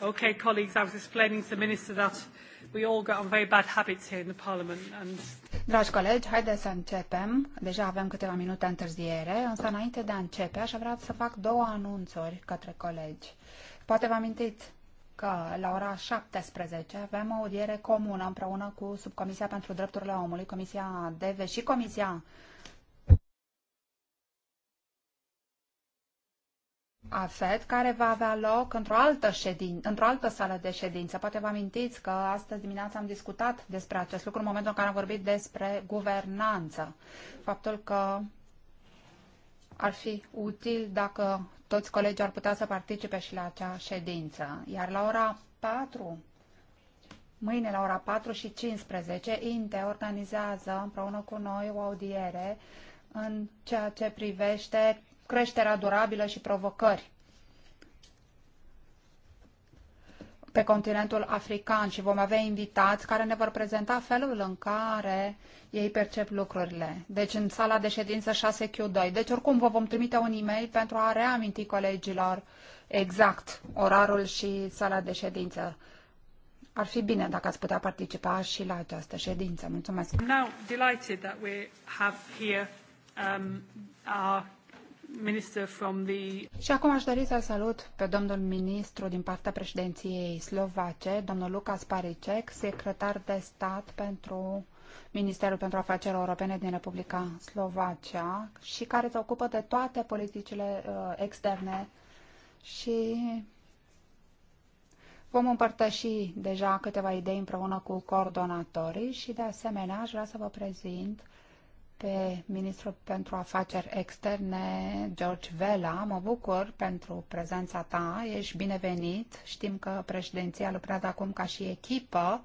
Okay, colleagues, I was explaining to the minister that we all got on very bad habits here in the parliament and Dragi colegi, haideți să începem. Deja avem câteva minute întârziere, însă înainte de a începe aș vrea să fac două anunțuri către colegi. Poate vă amintiți că la ora 17 avem o audiere comună împreună cu Subcomisia pentru Drepturile Omului, Comisia DV și Comisia AFET, care va avea loc într-o altă, ședin, într altă sală de ședință. Poate vă amintiți că astăzi dimineața am discutat despre acest lucru în momentul în care am vorbit despre guvernanță. Faptul că ar fi util dacă toți colegii ar putea să participe și la acea ședință. Iar la ora 4, mâine la ora 4 și 15, INTE organizează împreună cu noi o audiere în ceea ce privește creșterea durabilă și provocări pe continentul african și vom avea invitați care ne vor prezenta felul în care ei percep lucrurile. Deci în sala de ședință 6Q2. Deci oricum vă vom trimite un e-mail pentru a reaminti colegilor exact orarul și sala de ședință. Ar fi bine dacă ați putea participa și la această ședință. Mulțumesc! Now delighted that we have here um, our și acum aș dori să salut pe domnul ministru din partea președinției slovace, domnul Lucas Paricek, secretar de stat pentru Ministerul pentru Afaceri Europene din Republica Slovacia și care se ocupă de toate politicile uh, externe și vom împărtăși deja câteva idei împreună cu coordonatorii și de asemenea aș vrea să vă prezint uh, pe ministrul pentru afaceri externe, George Vela. Mă bucur pentru prezența ta, ești binevenit. Știm că președinția lucrează acum ca și echipă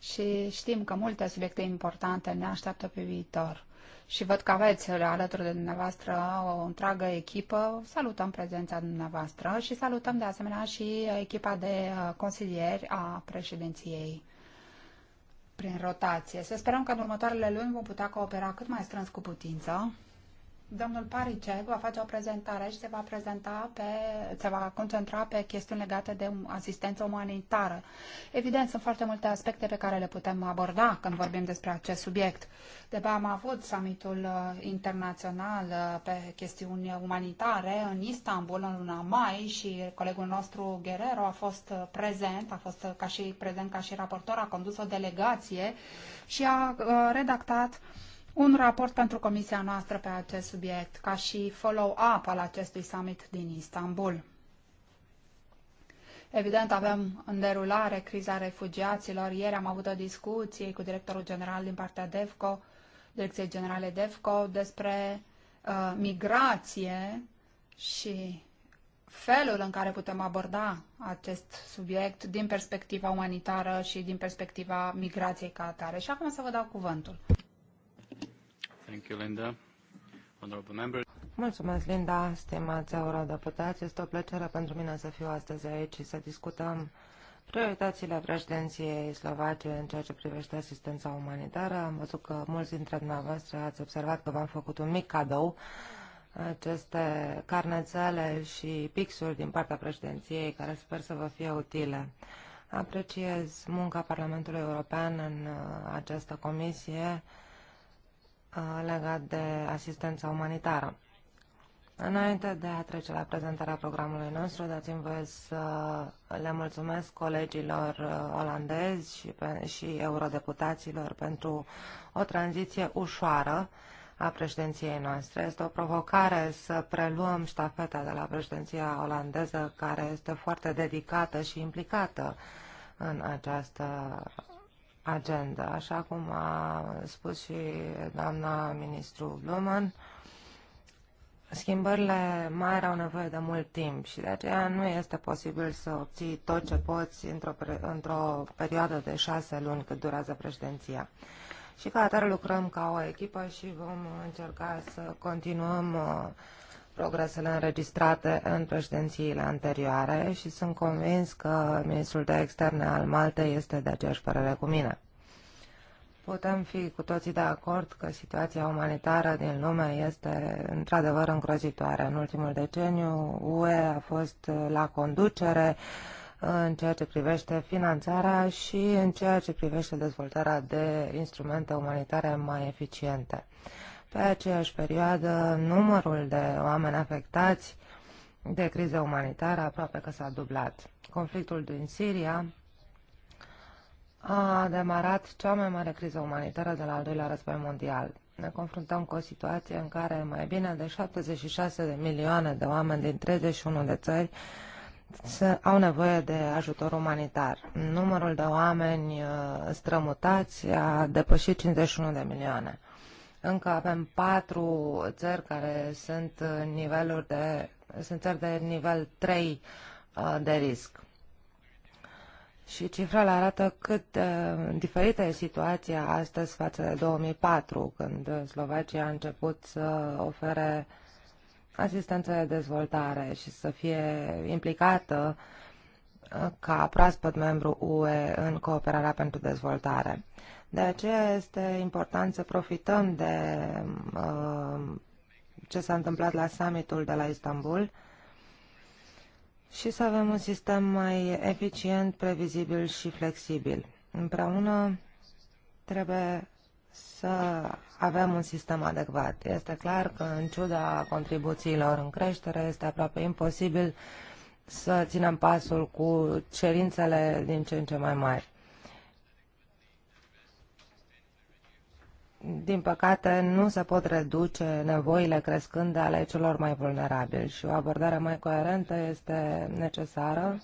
și știm că multe subiecte importante ne așteaptă pe viitor. Și văd că aveți alături de dumneavoastră o întreagă echipă. Salutăm prezența dumneavoastră și salutăm de asemenea și echipa de uh, consilieri a președinției prin rotație. Să sperăm că în următoarele luni vom putea coopera cât mai strâns cu putință Domnul Paricek va face o prezentare și se va, prezenta pe, se va concentra pe chestiuni legate de um, asistență umanitară. Evident, sunt foarte multe aspecte pe care le putem aborda când vorbim despre acest subiect. De am avut summitul uh, internațional uh, pe chestiuni umanitare în Istanbul în luna mai și colegul nostru Guerrero a fost uh, prezent, a fost ca și prezent ca și raportor, a condus o delegație și a redactat uh, un raport pentru comisia noastră pe acest subiect, ca și follow-up al acestui summit din Istanbul. Evident, avem în derulare criza refugiaților. Ieri am avut o discuție cu directorul general din partea DEVCO, Direcției Generale DEVCO, despre uh, migrație și felul în care putem aborda acest subiect din perspectiva umanitară și din perspectiva migrației ca atare. Și acum să vă dau cuvântul. Thank you, Linda. Honorable members. Mulțumesc, Linda, stimați eurodeputați. Este o plăcere pentru mine să fiu astăzi aici și să discutăm prioritățile președinției slovace în ceea ce privește asistența umanitară. Am văzut că mulți dintre dumneavoastră ați observat că v-am făcut un mic cadou aceste carnețele și pixuri din partea președinției, care sper să vă fie utile. Apreciez munca Parlamentului European în uh, această comisie Uh, legat de asistența umanitară. Înainte de a trece la prezentarea programului nostru, dați-mi voie să le mulțumesc colegilor uh, olandezi și, pe, și eurodeputaților pentru o tranziție ușoară a președinției noastre. Este o provocare să preluăm ștafeta de la președinția olandeză, care este foarte dedicată și implicată în această agenda. Așa cum a spus și doamna ministru Blumen, schimbările mai erau nevoie de mult timp și de aceea nu este posibil să obții tot ce poți într-o, într, perioadă de șase luni cât durează președinția. Și ca atare lucrăm ca o echipă și vom încerca să continuăm uh, progresele înregistrate în președințiile anterioare și sunt convins că ministrul de externe al Maltei este de aceeași părere cu mine. Putem fi cu toții de acord că situația umanitară din lume este într-adevăr îngrozitoare. În ultimul deceniu, UE a fost la conducere în ceea ce privește finanțarea și în ceea ce privește dezvoltarea de instrumente umanitare mai eficiente. Pe aceeași perioadă, numărul de oameni afectați de criză umanitară aproape că s-a dublat. Conflictul din Siria a demarat cea mai mare criză umanitară de la al doilea război mondial. Ne confruntăm cu o situație în care mai bine de 76 de milioane de oameni din 31 de țări au nevoie de ajutor umanitar. Numărul de oameni uh, strămutați a depășit 51 de milioane. Încă avem patru țări care sunt niveluri de sunt țări de nivel 3 uh, de risc. Și cifrele arată cât de uh, diferită e situația astăzi față de 2004, când Slovacia a început să ofere asistență de dezvoltare și să fie implicată uh, ca proaspăt membru UE în cooperarea pentru dezvoltare. Uh, de aceea este important să profităm de uh, ce s-a întâmplat la summitul de la Istanbul și să avem un sistem mai eficient, previzibil și flexibil. Împreună trebuie să avem un sistem adecvat. Este clar că, în ciuda contribuțiilor în creștere, este aproape imposibil să ținem pasul cu cerințele din ce în ce mai mari. din păcate, nu se pot reduce nevoile crescând ale celor mai vulnerabili și o abordare mai coerentă este necesară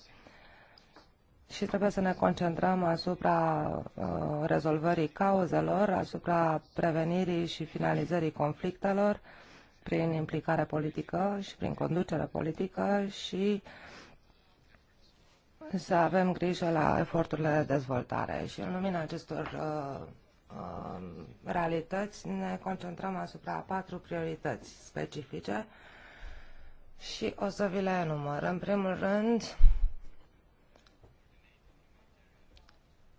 și trebuie să ne concentrăm asupra uh, rezolvării cauzelor, asupra prevenirii și finalizării conflictelor prin implicare politică și prin conducere politică și să avem grijă la eforturile de dezvoltare. Și în lumina acestor uh, Um, realități, ne concentrăm asupra patru priorități specifice și o să vi le enumăr. În primul rând,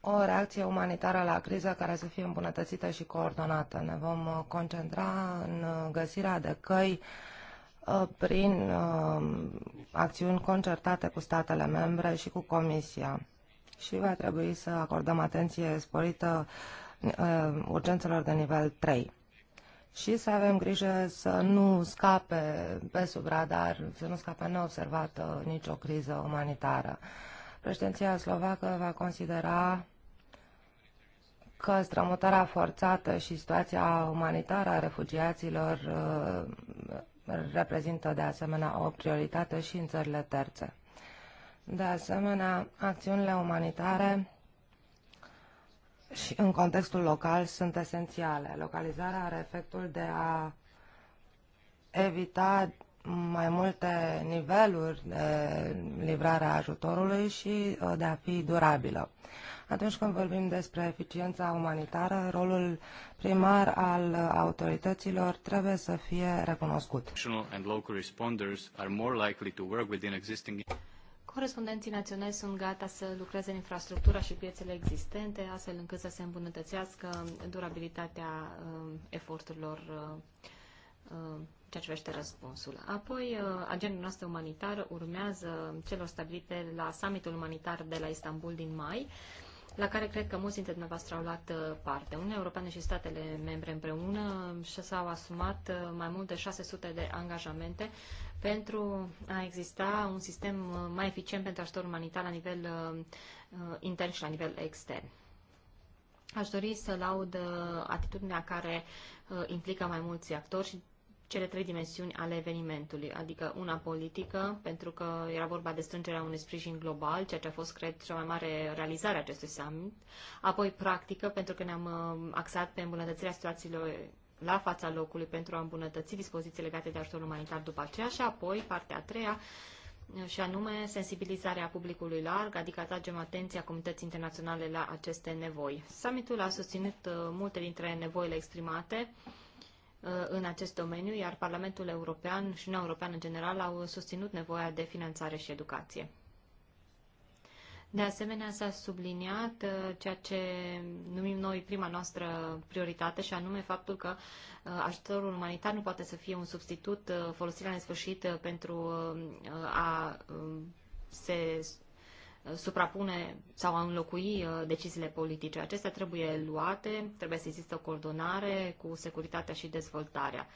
o reacție umanitară la criză care să fie îmbunătățită și coordonată. Ne vom uh, concentra în uh, găsirea de căi uh, prin um, acțiuni concertate cu statele membre și cu Comisia. Și va trebui să acordăm atenție sporită uh, Uh, urgențelor de nivel 3 și să avem grijă să nu scape pe sub radar, să nu scape neobservată nicio criză umanitară. Președinția slovacă va considera că strămutarea forțată și situația umanitară a refugiaților uh, reprezintă de asemenea o prioritate și în țările terțe. De asemenea, acțiunile umanitare și în contextul local sunt esențiale. Localizarea are efectul de a evita mai multe niveluri de livrare a ajutorului și uh, de a fi durabilă. Atunci când vorbim despre eficiența umanitară, rolul primar al autorităților trebuie să fie recunoscut. Corespondenții naționali sunt gata să lucreze în infrastructura și piețele existente, astfel încât să se îmbunătățească durabilitatea uh, eforturilor uh, uh ceea ce vește răspunsul. Apoi, uh, agenda noastră umanitară urmează celor stabilite la summitul umanitar de la Istanbul din mai la care cred că mulți dintre dumneavoastră au luat uh, parte. Uniunea Europeană și statele membre împreună s-au um, asumat uh, mai mult de 600 de angajamente pentru a exista un sistem uh, mai eficient pentru ajutor umanitar la nivel intern și la nivel extern. Aș dori să laud atitudinea care implică mai mulți actori și cele trei dimensiuni ale evenimentului, adică una politică, pentru că era vorba de strângerea unui sprijin global, ceea ce a fost, cred, cea mai mare realizare a acestui summit, apoi practică, pentru că ne-am uh, axat pe îmbunătățirea situațiilor la fața locului pentru a îmbunătăți dispoziții legate de ajutorul umanitar după aceea și apoi partea a treia, uh, și anume sensibilizarea publicului larg, adică atragem atenția comunității internaționale la aceste nevoi. Summitul a susținut uh, multe dintre nevoile exprimate, Uh, în acest domeniu, iar Parlamentul European și Uniunea Europeană în general au susținut nevoia de finanțare și educație. De asemenea, s-a subliniat uh, ceea ce numim noi prima noastră prioritate și anume faptul că uh, ajutorul umanitar nu poate să fie un substitut folosit la nesfârșit pentru a um, se suprapune sau a înlocui uh, deciziile politice. Acestea trebuie luate, trebuie să există o coordonare cu securitatea și dezvoltarea.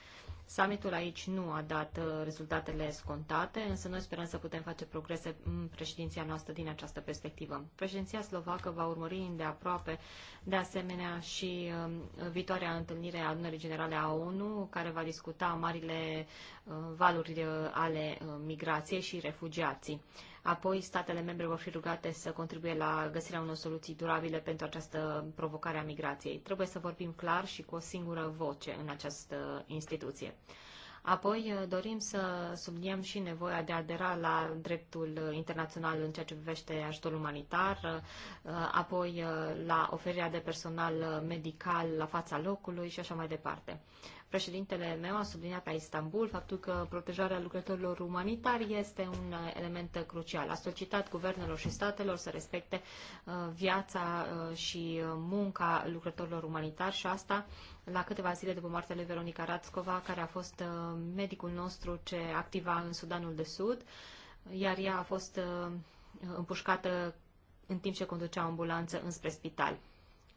Summitul aici nu a dat uh, rezultatele scontate, însă noi sperăm să putem face progrese în președinția noastră din această perspectivă. Președinția slovacă va urmări îndeaproape, de asemenea, și um, viitoarea întâlnire a adunării generale a ONU, care va discuta marile uh, valuri ale migrației și refugiații. Apoi, statele membre vor fi rugate să contribuie la găsirea unor soluții durabile pentru această provocare a migrației. Trebuie să vorbim clar și cu o singură voce în această instituție. Apoi eh, dorim să subliniem și nevoia de a adera la dreptul internațional în ceea ce privește ajutorul umanitar, eh, apoi eh, la oferirea de personal medical la fața locului și așa mai departe. Președintele meu a subliniat la Istanbul faptul că protejarea lucrătorilor umanitari este un element crucial. A solicitat guvernelor și statelor să respecte uh, viața uh, și uh, munca lucrătorilor umanitari și asta la câteva zile după moartea lui Veronica Rațcova, care a fost medicul nostru ce activa în Sudanul de Sud, iar ea a fost împușcată în timp ce conducea o ambulanță înspre spital.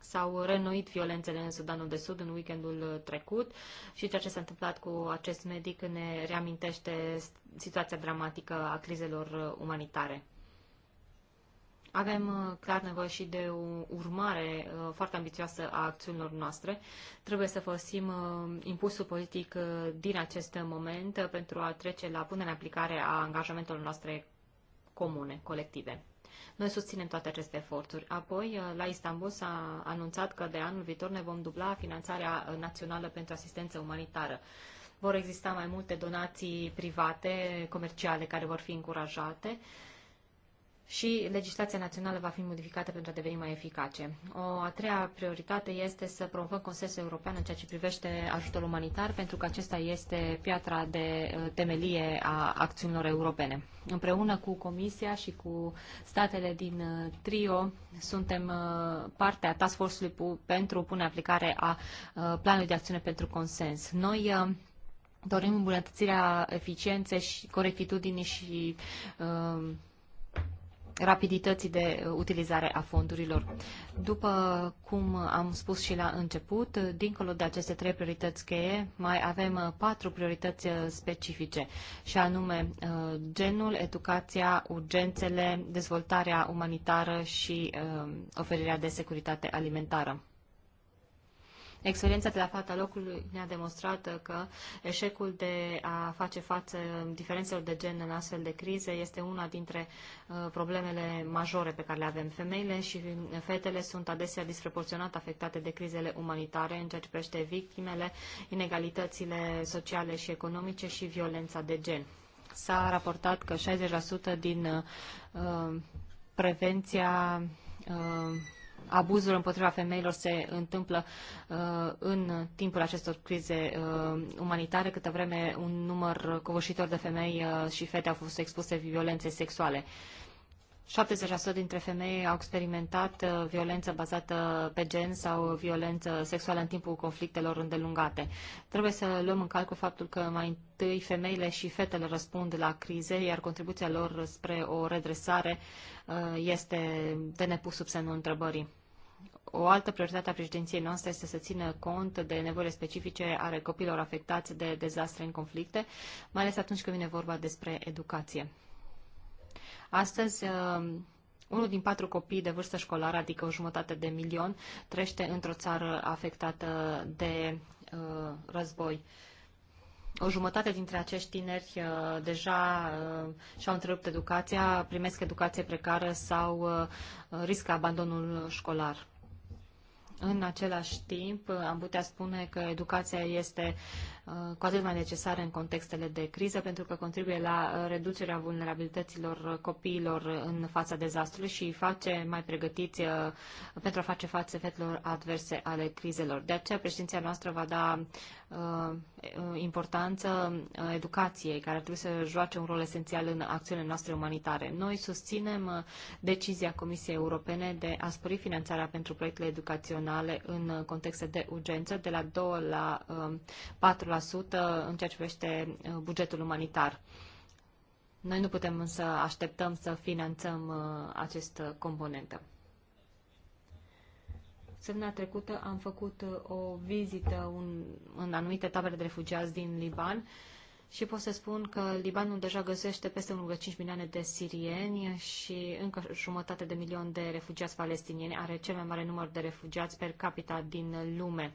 S-au renoit violențele în Sudanul de Sud în weekendul trecut și ceea ce s-a întâmplat cu acest medic ne reamintește situația dramatică a crizelor umanitare. Avem uh, clar nevoie și de o urmare uh, foarte ambițioasă a acțiunilor noastre. Trebuie să folosim uh, impulsul politic din acest moment pentru a trece la punerea în aplicare a angajamentelor noastre comune, colective. Noi susținem toate aceste eforturi. Apoi, uh, la Istanbul s-a anunțat că de anul viitor ne vom dubla finanțarea uh, națională pentru asistență umanitară. Vor exista mai multe donații private, comerciale, care vor fi încurajate. Uh, și legislația națională va fi modificată pentru a deveni mai eficace. O a treia prioritate este să promovăm consensul european în ceea ce privește ajutorul umanitar, pentru că acesta este piatra de uh, temelie a acțiunilor europene. Împreună cu Comisia și cu statele din uh, TRIO suntem uh, parte a Task Force-ului pentru pune aplicare a planului de acțiune pentru consens. Noi dorim îmbunătățirea eficienței și corectitudinii și uh, rapidității de uh, utilizare a fondurilor. După cum am spus și la început, dincolo de aceste trei priorități cheie, mai avem uh, patru priorități uh, specifice, și anume genul, educația, urgențele, dezvoltarea umanitară și oferirea de securitate alimentară. Experiența de la fața locului ne-a demonstrat că eșecul de a face față diferențelor de gen în astfel de crize este una dintre uh, problemele majore pe care le avem. Femeile și uh, fetele sunt adesea disproporționat afectate de crizele umanitare în ceea ce privește victimele, inegalitățile sociale și economice și violența de gen. S-a raportat că 60% din uh, prevenția uh, abuzul împotriva femeilor se întâmplă uh, în timpul acestor crize uh, umanitare, câtă vreme un număr covârșitor de femei uh, și fete au fost expuse violențe sexuale. Uh, 70% dintre femei au experimentat uh, violență bazată pe gen sau violență sexuală în timpul conflictelor îndelungate. Trebuie să luăm în calcul faptul că mai întâi femeile și fetele răspund la crize, iar contribuția lor spre o redresare uh, este de nepus sub semnul întrebării. O altă prioritate a președinției noastre este să țină cont de nevoile specifice ale copilor afectați de dezastre în conflicte, mai ales atunci când vine vorba despre educație. Astăzi, uh, unul din patru copii de vârstă școlară, adică o jumătate de milion, trăiește într-o țară afectată de uh, război. O jumătate dintre acești tineri uh, deja și-au întrerupt educația, primesc educație precară sau riscă abandonul școlar. În același timp, am putea spune că educația este uh, cu atât mai necesare în contextele de criză, pentru că contribuie la uh, reducerea vulnerabilităților copiilor în fața dezastrului și face mai pregătiți uh, pentru a face față efectelor adverse ale crizelor. De aceea, președinția noastră va da uh, importanță educației, care ar trebui să joace un rol esențial în acțiunile noastre umanitare. Noi susținem decizia Comisiei Europene de a spori finanțarea pentru proiectele educaționale în contexte de urgență de la 2 la 4% în ceea ce privește uh, bugetul umanitar. Noi nu putem însă așteptăm să finanțăm uh, acest componentă. Săptămâna trecută am făcut uh, o vizită un, în anumite tabere de refugiați din Liban și pot să spun că Libanul deja găsește peste 1,5 milioane de sirieni și încă jumătate de milion de refugiați palestinieni. Are cel mai mare număr de refugiați per capita din lume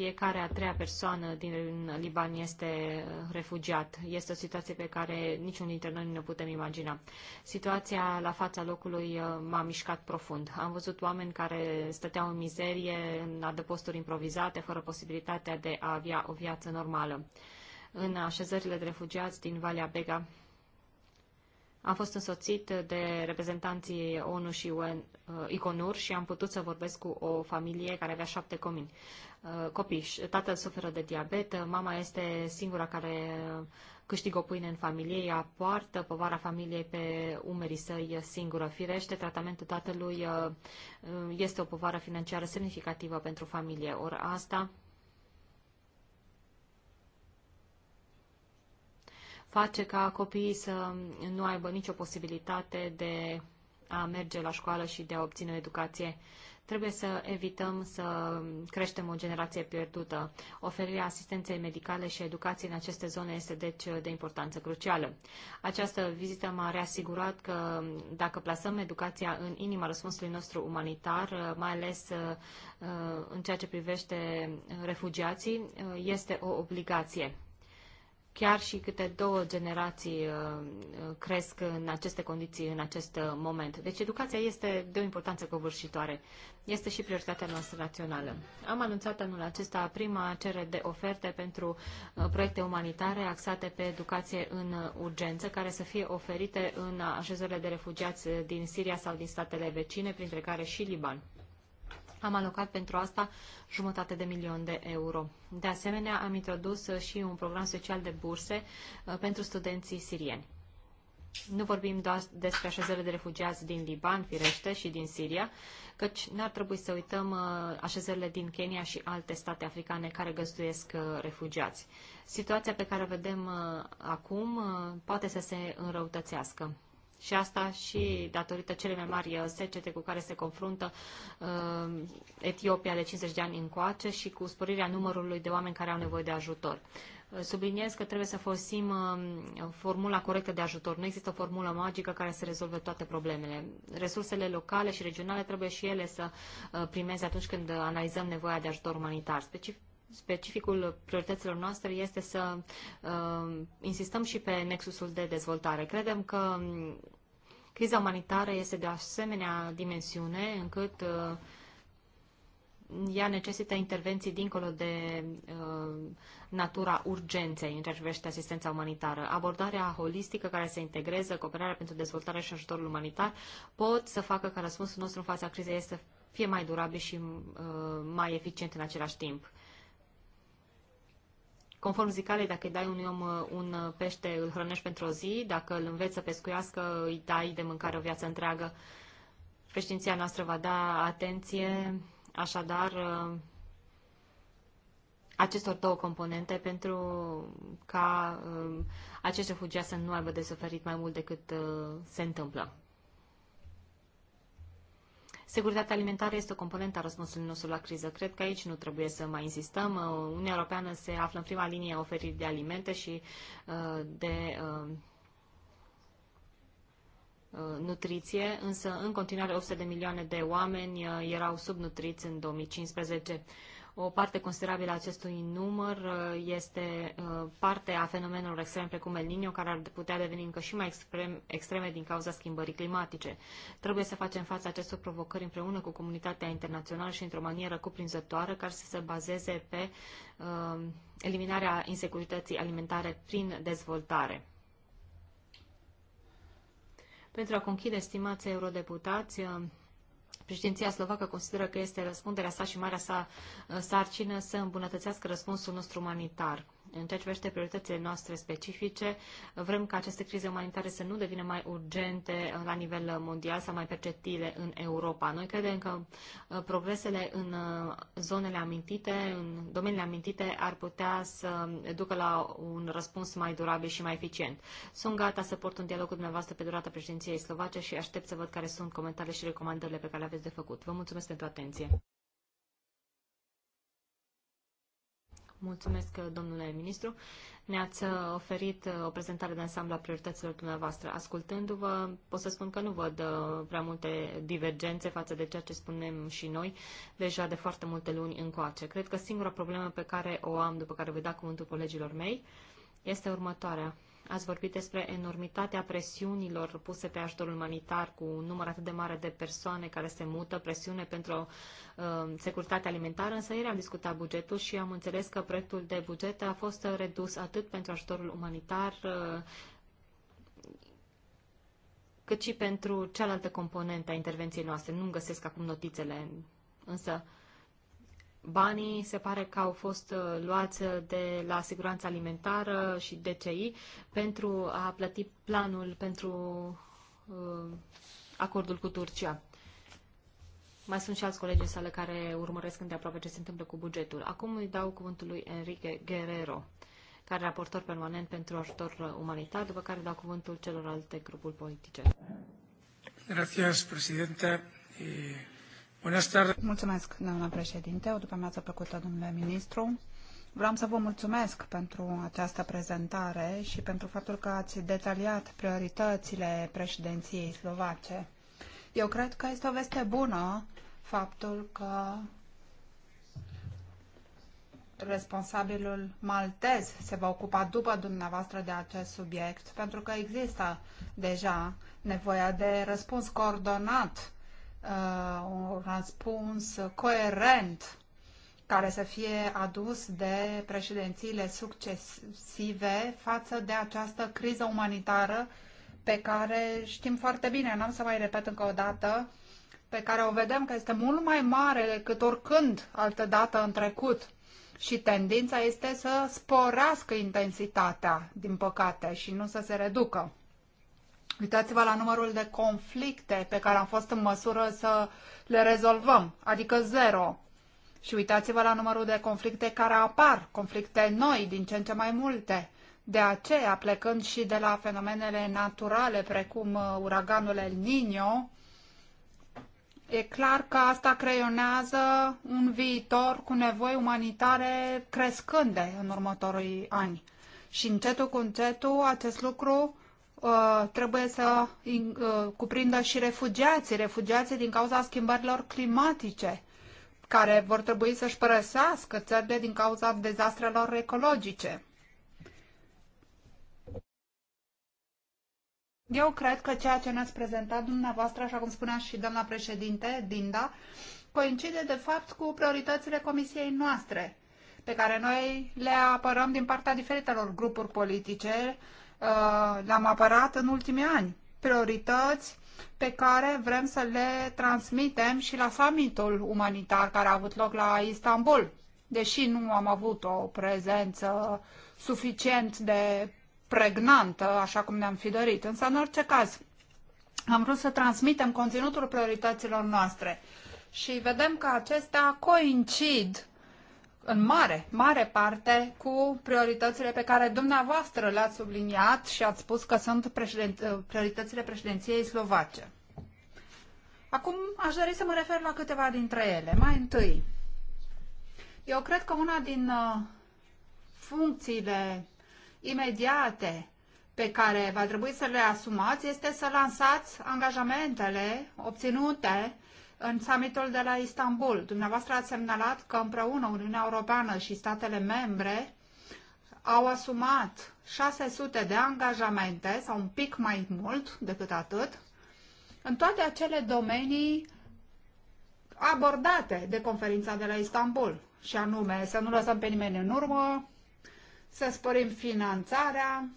fiecare a treia persoană din Liban este refugiat. Este o situație pe care niciun dintre noi nu ne putem imagina. Situația la fața locului uh, m-a mișcat profund. Am văzut oameni care stăteau în mizerie, în adăposturi improvizate, fără posibilitatea de a avea o viață normală. În așezările de refugiați din Valea Bega am fost însoțit de reprezentanții ONU și UN, uh, ICONUR și am putut să vorbesc cu o familie care avea șapte comini. Uh, copii, tatăl suferă de diabet, mama este singura care câștigă o pâine în familie, ea poartă povara familiei pe umerii săi singură. Firește, tratamentul tatălui uh, este o povară financiară semnificativă pentru familie. Ori asta face ca copiii să nu aibă nicio posibilitate de a merge la școală și de a obține educație. Trebuie să evităm să creștem o generație pierdută. Oferirea asistenței medicale și educației în aceste zone este deci de importanță crucială. Această vizită m-a reasigurat că dacă plasăm educația în inima răspunsului nostru umanitar, mai ales uh, în ceea ce privește refugiații, uh, este o obligație chiar și câte două generații uh, uh, cresc în aceste condiții, în acest uh, moment. Deci educația este de o importanță covârșitoare. Este și prioritatea noastră națională. Am anunțat anul acesta prima cerere de oferte pentru proiecte umanitare axate pe educație în urgență, care să fie oferite în așezările de refugiați din Siria sau din statele vecine, printre care și Liban. Am alocat pentru asta jumătate de milion de euro. De asemenea, am introdus și un program special de burse uh, pentru studenții sirieni. Nu vorbim doar despre așezările de refugiați din Liban, firește, și din Siria, căci n-ar trebui să uităm uh, așezările din Kenya și alte state africane care găzduiesc uh, refugiați. Situația pe care o vedem acum poate să se înrăutățească. Și asta și datorită cele mai mari uh, secete cu care se confruntă uh, Etiopia de 50 de ani încoace și cu sporirea numărului de oameni care au nevoie de ajutor. Uh, subliniez că trebuie să folosim uh, formula corectă de ajutor. Nu există o formulă magică care să rezolve toate problemele. Resursele locale și regionale trebuie și ele să primeze atunci când analizăm nevoia de ajutor umanitar. Specific specificul priorităților noastre este să uh, insistăm și pe nexusul de dezvoltare. Credem că um, criza umanitară este de asemenea dimensiune încât uh, ea necesită intervenții dincolo de uh, natura urgenței în ceea ce privește asistența umanitară. Abordarea holistică care se integrează, cooperarea pentru dezvoltare și ajutorul umanitar pot să facă ca răspunsul nostru în fața crizei este fie mai durabil și uh, mai eficient în același timp. Conform zicalei, dacă îi dai unui om uh, un uh, pește, îl hrănești pentru o zi, dacă îl înveți să pescuiască, îi dai de mâncare o viață întreagă. Președinția noastră va da atenție, așadar, uh, acestor două componente pentru ca acești refugiați să nu aibă de suferit mai mult decât se întâmplă. Securitatea alimentară este o componentă a răspunsului nostru la criză. Cred că aici nu trebuie să mai insistăm. Uh, Uniunea Europeană se află în prima linie a oferirii de alimente și uh, de uh, nutriție, însă în continuare 800 de milioane de oameni erau subnutriți în 2015. O parte considerabilă a acestui număr uh, este uh, parte a fenomenelor extreme precum El Niño, care ar putea deveni încă și mai extrem, extreme din cauza schimbării climatice. Trebuie să facem față acestor provocări împreună cu comunitatea internațională și într-o manieră cuprinzătoare care să se bazeze pe uh, eliminarea insecurității alimentare prin dezvoltare. Pentru a conchide, stimați eurodeputați, uh, Președinția slovacă consideră că este răspunderea sa și marea sa uh, sarcină să îmbunătățească răspunsul nostru umanitar. În ceea ce privește prioritățile noastre specifice, vrem ca aceste crize umanitare să nu devină mai urgente la nivel mondial sau mai perceptibile în Europa. Noi credem că uh, progresele în uh, zonele amintite, în domeniile amintite, ar putea să ducă la un răspuns mai durabil și mai eficient. Sunt gata să port un dialog cu dumneavoastră pe durata președinției slovace și aștept să văd care sunt comentariile și recomandările pe care le aveți de făcut. Vă mulțumesc pentru atenție. Mulțumesc, domnule ministru. Ne-ați uh, oferit uh, o prezentare de ansamblu a priorităților dumneavoastră. Ascultându-vă, pot să spun că nu văd uh, prea multe divergențe față de ceea ce spunem și noi deja de foarte multe luni încoace. Cred că singura problemă pe care o am, după care voi da cuvântul colegilor mei, este următoarea. Ați vorbit despre enormitatea presiunilor puse pe ajutorul umanitar cu un număr atât de mare de persoane care se mută, presiune pentru uh, securitatea alimentară, însă ieri am discutat bugetul și am înțeles că proiectul de buget a fost redus atât pentru ajutorul umanitar uh, cât și pentru cealaltă componentă a intervenției noastre. Nu găsesc acum notițele, însă Banii se pare că au fost uh, luați uh, de la siguranța alimentară și DCI pentru a plăti planul pentru uh, acordul cu Turcia. Mai sunt și alți colegi în sală care urmăresc îndeaproape ce se întâmplă cu bugetul. Acum îi dau cuvântul lui Enrique Guerrero, care e raportor permanent pentru ajutor umanitar, după care dau cuvântul celorlalte grupuri politice. Gracias, presidenta. Eh, Mulțumesc, doamna președinte. O după amiază plăcută, domnule ministru. Vreau să vă mulțumesc pentru această prezentare și pentru faptul că ați detaliat prioritățile președinției slovace. Eu cred că este o veste bună faptul că responsabilul maltez se va ocupa după dumneavoastră de acest subiect, pentru că există deja nevoia de răspuns coordonat uh, un răspuns coerent care să fie adus de președințiile succesive față de această criză umanitară pe care știm foarte bine, n-am să mai repet încă o dată, pe care o vedem că este mult mai mare decât oricând altă dată în trecut. Și tendința este să sporească intensitatea, din păcate, și nu să se reducă. Uitați-vă la numărul de conflicte pe care am fost în măsură să le rezolvăm, adică zero. Și uitați-vă la numărul de conflicte care apar, conflicte noi, din ce în ce mai multe. De aceea, plecând și de la fenomenele naturale, precum uh, uraganul El Niño, e clar că asta creionează un viitor cu nevoi umanitare crescânde în următorii ani. Și încetul cu încetul acest lucru Uh, trebuie să uh, cuprindă și refugiații, refugiații din cauza schimbărilor climatice, care vor trebui să-și părăsească țările din cauza dezastrelor ecologice. Eu cred că ceea ce ne-ați prezentat dumneavoastră, așa cum spunea și doamna președinte, Dinda, coincide de fapt cu prioritățile comisiei noastre, pe care noi le apărăm din partea diferitelor grupuri politice, Uh, le-am apărat în ultimii ani. Priorități pe care vrem să le transmitem și la summitul umanitar care a avut loc la Istanbul. Deși nu am avut o prezență suficient de pregnantă, așa cum ne-am fi dorit. Însă, în orice caz, am vrut să transmitem conținutul priorităților noastre și vedem că acestea coincid în mare, mare parte cu prioritățile pe care dumneavoastră le-ați subliniat și ați spus că sunt președin... prioritățile președinției slovace. Acum aș dori să mă refer la câteva dintre ele. Mai întâi, eu cred că una din uh, funcțiile imediate pe care va trebui să le asumați este să lansați angajamentele obținute în summitul de la Istanbul. Dumneavoastră ați semnalat că împreună Uniunea Europeană și statele membre au asumat 600 de angajamente sau un pic mai mult decât atât în toate acele domenii abordate de conferința de la Istanbul și anume să nu lăsăm pe nimeni în urmă, să sporim finanțarea,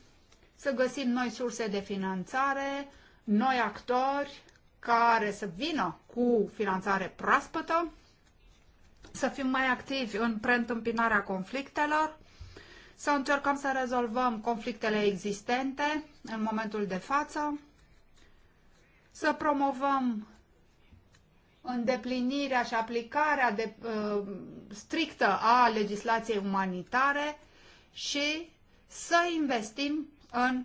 să găsim noi surse de finanțare, noi actori, care să vină cu finanțare proaspătă, să fim mai activi în preîntâmpinarea conflictelor, să încercăm să rezolvăm conflictele existente în momentul de față, să promovăm îndeplinirea și aplicarea de, uh, strictă a legislației umanitare și să investim în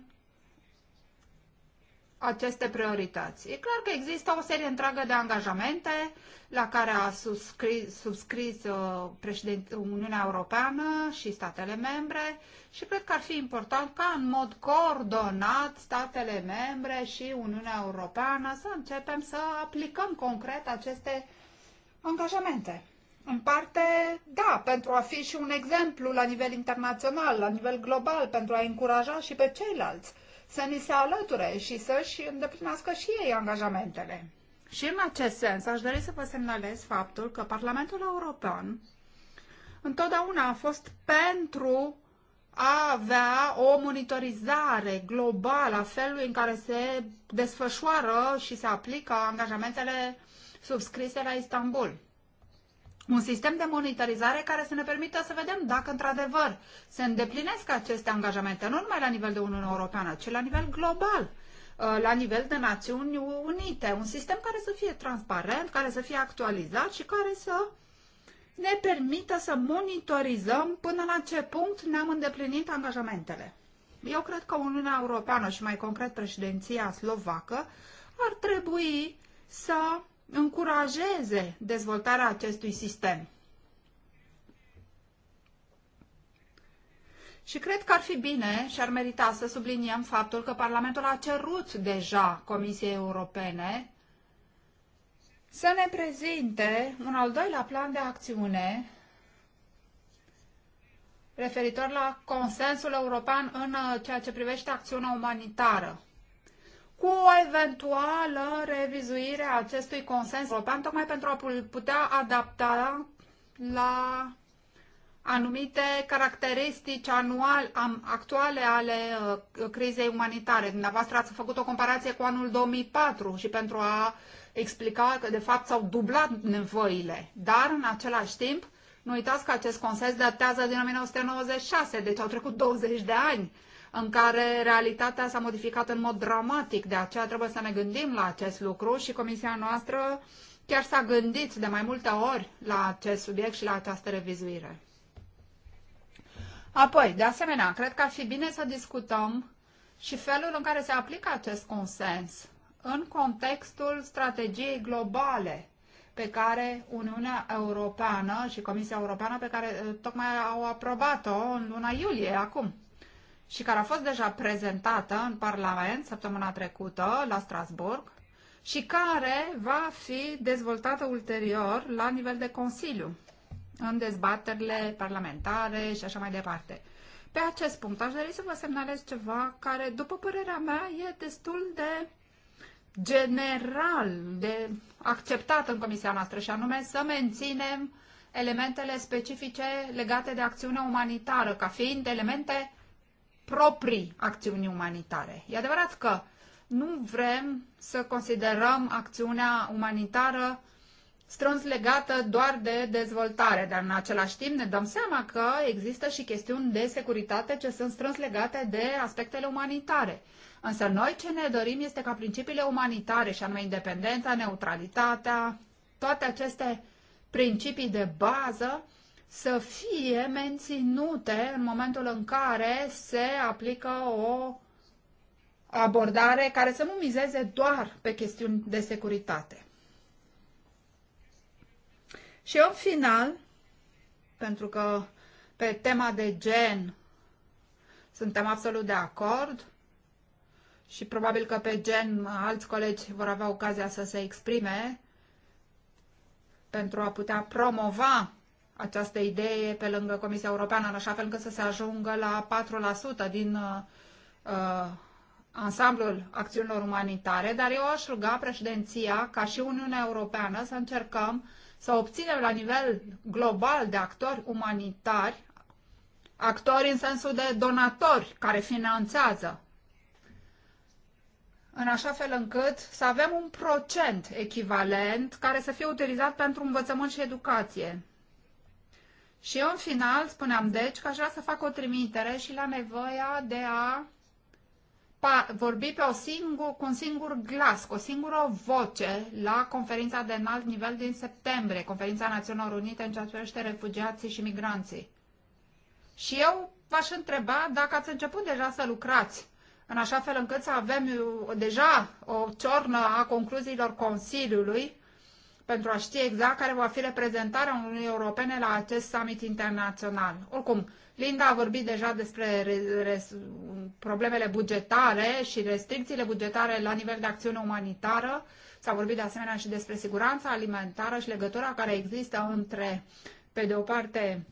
aceste priorități. E clar că există o serie întreagă de angajamente la care a subscris, subscris uh, Uniunea Europeană și statele membre și cred că ar fi important ca în mod coordonat statele membre și Uniunea Europeană să începem să aplicăm concret aceste angajamente. În parte, da, pentru a fi și un exemplu la nivel internațional, la nivel global, pentru a încuraja și pe ceilalți să ni se alăture și să-și îndeplinească și ei angajamentele. Și în acest sens aș dori să vă semnalez faptul că Parlamentul European întotdeauna a fost pentru a avea o monitorizare globală a felului în care se desfășoară și se aplică angajamentele subscrise la Istanbul un sistem de monitorizare care să ne permită să vedem dacă într-adevăr se îndeplinesc aceste angajamente, nu numai la nivel de Uniune Europeană, ci la nivel global, uh, la nivel de Națiuni Unite. Un sistem care să fie transparent, care să fie actualizat și care să ne permită să monitorizăm până la ce punct ne-am îndeplinit angajamentele. Eu cred că Uniunea Europeană și mai concret președinția slovacă ar trebui să încurajeze dezvoltarea acestui sistem. Și cred că ar fi bine și ar merita să subliniem faptul că Parlamentul a cerut deja Comisiei Europene să ne prezinte un al doilea plan de acțiune referitor la consensul european în uh, ceea ce privește acțiunea umanitară cu o eventuală revizuire a acestui consens european, tocmai pentru a putea adapta la anumite caracteristici anual, actuale ale uh, crizei umanitare. Dumneavoastră ați făcut o comparație cu anul 2004 și pentru a explica că de fapt s-au dublat nevoile, dar în același timp nu uitați că acest consens datează din 1996, deci au trecut 20 de ani în care realitatea s-a modificat în mod dramatic. De aceea trebuie să ne gândim la acest lucru și comisia noastră chiar s-a gândit de mai multe ori la acest subiect și la această revizuire. Apoi, de asemenea, cred că ar fi bine să discutăm și felul în care se aplică acest consens în contextul strategiei globale pe care Uniunea Europeană și Comisia Europeană pe care eh, tocmai au aprobat-o în luna iulie acum și care a fost deja prezentată în Parlament săptămâna trecută la Strasburg și care va fi dezvoltată ulterior la nivel de Consiliu, în dezbaterile parlamentare și așa mai departe. Pe acest punct aș dori să vă semnalez ceva care, după părerea mea, e destul de general, de acceptat în comisia noastră și anume să menținem elementele specifice legate de acțiunea umanitară ca fiind elemente proprii acțiuni umanitare. E adevărat că nu vrem să considerăm acțiunea umanitară strâns legată doar de dezvoltare, dar în același timp ne dăm seama că există și chestiuni de securitate ce sunt strâns legate de aspectele umanitare. Însă noi ce ne dorim este ca principiile umanitare, și anume independența, neutralitatea, toate aceste principii de bază, să fie menținute în momentul în care se aplică o abordare care să nu mizeze doar pe chestiuni de securitate. Și în final, pentru că pe tema de gen suntem absolut de acord și probabil că pe gen alți colegi vor avea ocazia să se exprime pentru a putea promova această idee pe lângă Comisia Europeană, în așa fel încât să se ajungă la 4% din uh, uh, ansamblul acțiunilor umanitare, dar eu aș ruga președinția, ca și Uniunea Europeană, să încercăm să obținem la nivel global de actori umanitari, actori în sensul de donatori care finanțează, în așa fel încât să avem un procent echivalent care să fie utilizat pentru învățământ și educație. Și eu, în final, spuneam, deci, că aș vrea să fac o trimitere și la nevoia de a vorbi pe o singur, cu un singur glas, cu o singură voce la conferința de înalt nivel din septembrie, conferința Națiunilor Unite în ceea ce privește refugiații și migranții. Și eu v-aș întreba dacă ați început deja să lucrați în așa fel încât să avem deja o ciornă a concluziilor Consiliului pentru a ști exact care va fi reprezentarea Uniunii Europene la acest summit internațional. Oricum, Linda a vorbit deja despre problemele bugetare și restricțiile bugetare la nivel de acțiune umanitară. S-a vorbit de asemenea și despre siguranța alimentară și legătura care există între, pe de o parte,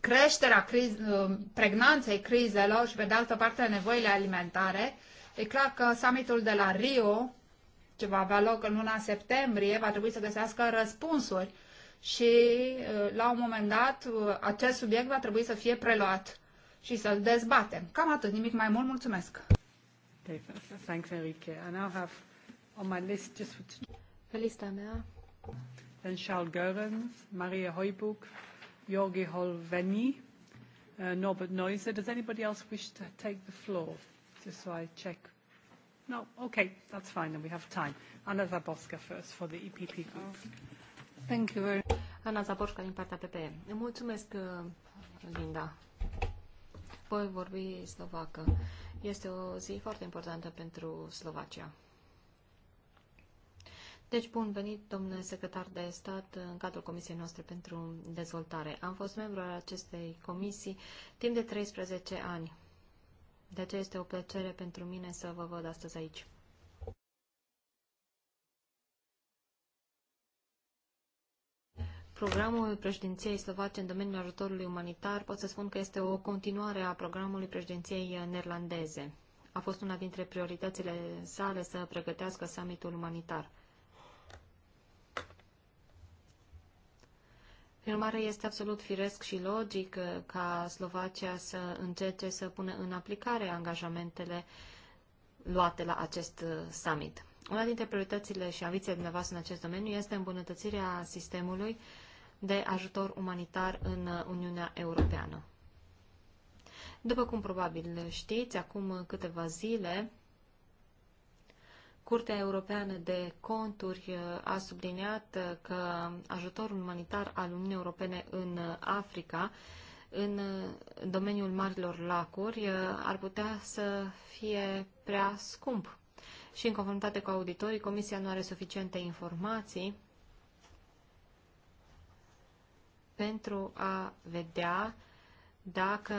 creșterea criz, uh, pregnanței crizelor și, pe de altă parte, nevoile alimentare. E clar că summitul de la Rio ce va avea loc în luna septembrie, va trebui să găsească răspunsuri și uh, la un moment dat uh, acest subiect va trebui să fie preluat și să-l dezbatem. Cam atât, nimic mai mult, mulțumesc. Thanks, Enrique. I now have on my list just for... Pe lista mea. Then Charles Görens, Maria Hoibuk, Jorge Holveni, uh, Norbert Neuser. Does anybody else wish to take the floor? Just so I check No, okay, that's fine, and we have time. Ana Zaborska first for the EPP group. Thank you very much. Ana Zaborska din partea PPE. Mulțumesc, uh, Linda. Voi vorbi slovacă. Este o zi foarte importantă pentru Slovacia. Deci, bun venit, domnule secretar de stat, în cadrul Comisiei noastre pentru dezvoltare. Am fost membru al acestei comisii timp de 13 ani. De aceea este o plăcere pentru mine să vă văd astăzi aici. Programul președinției slovace în domeniul ajutorului umanitar pot să spun că este o continuare a programului președinției neerlandeze. A fost una dintre prioritățile sale să pregătească summitul umanitar. Prin urmare, este absolut firesc și logic uh, ca Slovacia să încerce să pună în aplicare angajamentele luate la acest uh, summit. Una dintre prioritățile și ambițiile dumneavoastră în acest domeniu este îmbunătățirea sistemului de ajutor umanitar în uh, Uniunea Europeană. După cum probabil știți, acum câteva zile, Curtea Europeană de Conturi uh, a subliniat uh, că ajutorul umanitar al Uniunii Europene în uh, Africa în domeniul marilor lacuri ar putea să fie prea scump. Și în conformitate cu auditorii, Comisia nu are suficiente informații pentru a vedea dacă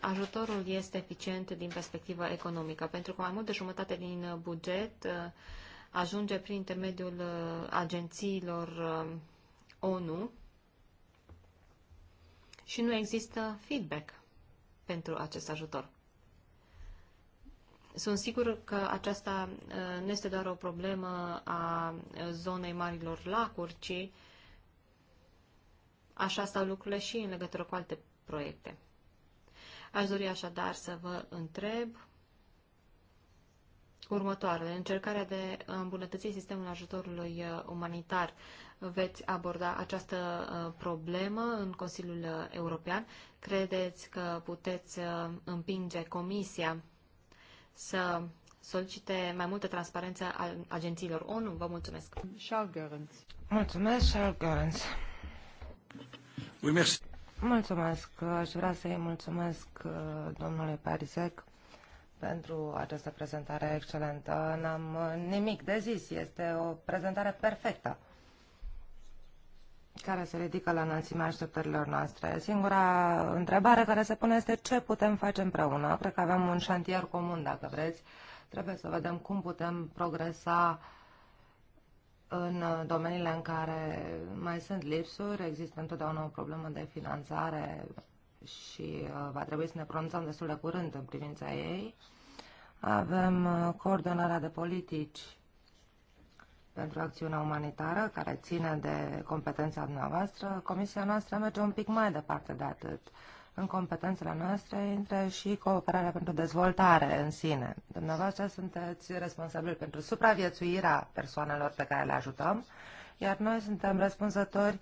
ajutorul este eficient din perspectivă economică, pentru că mai mult de jumătate din buget uh, ajunge prin intermediul uh, agențiilor uh, ONU și nu există feedback pentru acest ajutor. Sunt sigur că aceasta nu este doar o problemă a zonei marilor lacuri, ci așa stau lucrurile și în legătură cu alte proiecte. Aș dori așadar să vă întreb următoarele. Încercarea de a îmbunătăți sistemul ajutorului uh, umanitar. Veți aborda această uh, problemă în Consiliul uh, European? Credeți că puteți împinge Comisia să solicite mai multă transparență al agențiilor ONU? Vă mulțumesc! Charles Mulțumesc, Charles Görens. Oui, merci. Mulțumesc. Aș vrea să-i mulțumesc uh, domnului Parisec pentru această prezentare excelentă. N-am uh, nimic de zis. Este o prezentare perfectă care se ridică la înălțimea așteptărilor noastre. Singura întrebare care se pune este ce putem face împreună. Cred că avem un șantier comun, dacă vreți. Trebuie să vedem cum putem progresa uh, în domeniile în care mai sunt lipsuri, există întotdeauna o problemă de finanțare și uh, va trebui să ne pronunțăm destul de curând în privința ei. Avem uh, coordonarea de politici pentru acțiunea umanitară, care ține de competența noastră. Comisia noastră merge un pic mai departe de atât. Uh, în competențele noastre intră și cooperarea pentru dezvoltare în sine. Dumneavoastră sunteți responsabili pentru supraviețuirea persoanelor pe care le ajutăm, iar noi suntem răspunzători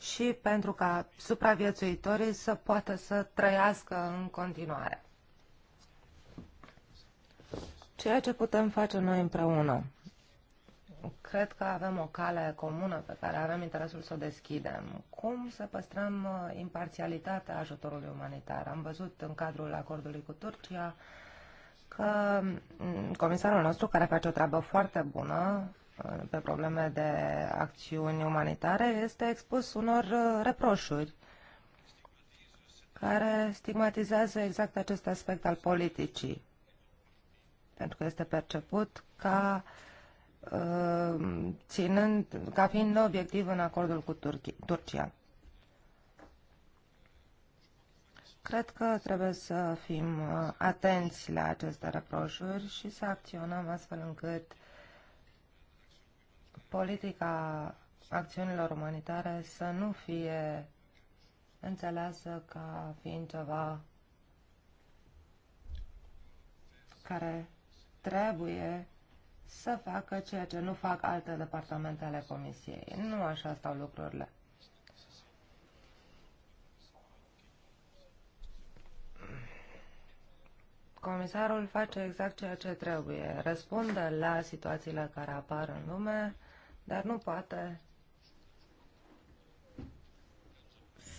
și pentru ca supraviețuitorii să poată să trăiască în continuare. Ceea ce putem face noi împreună cred că avem o cale comună pe care avem interesul să o deschidem. Cum să păstrăm uh, imparțialitatea ajutorului umanitar? Am văzut în cadrul acordului cu Turcia că mm, comisarul nostru, care face o treabă foarte bună uh, pe probleme de acțiuni umanitare, este expus unor uh, reproșuri care stigmatizează exact acest aspect al politicii, pentru că este perceput ca uh, Uh, ținând, ca fiind obiectiv în acordul cu Turchi, Turcia. Cred că trebuie să fim uh, atenți la aceste reproșuri și să acționăm astfel încât politica acțiunilor umanitare să nu fie înțeleasă ca fiind ceva care trebuie să facă ceea ce nu fac alte departamente ale Comisiei. Nu așa stau lucrurile. Comisarul face exact ceea ce trebuie, răspunde la situațiile care apar în lume, dar nu poate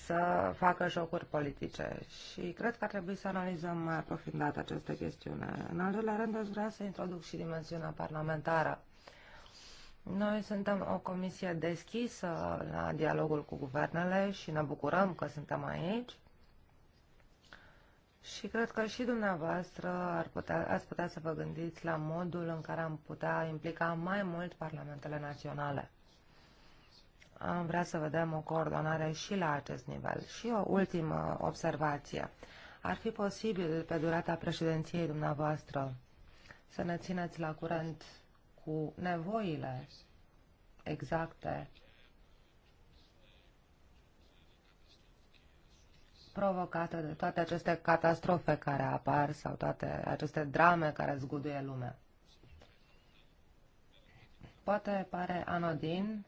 să facă jocuri politice și cred că ar trebui să analizăm mai aprofundat această chestiune. În al doilea rând, aș vrea să introduc și dimensiunea parlamentară. Noi suntem o comisie deschisă la dialogul cu guvernele și ne bucurăm că suntem aici. Și cred că și dumneavoastră ar putea, ați putea să vă gândiți la modul în care am putea implica mai mult parlamentele naționale. Am vrea să vedem o coordonare și la acest nivel. Și o ultimă observație. Ar fi posibil, pe durata președinției dumneavoastră, să ne țineți la curent cu nevoile exacte provocate de toate aceste catastrofe care apar sau toate aceste drame care zguduie lumea. Poate pare anodin,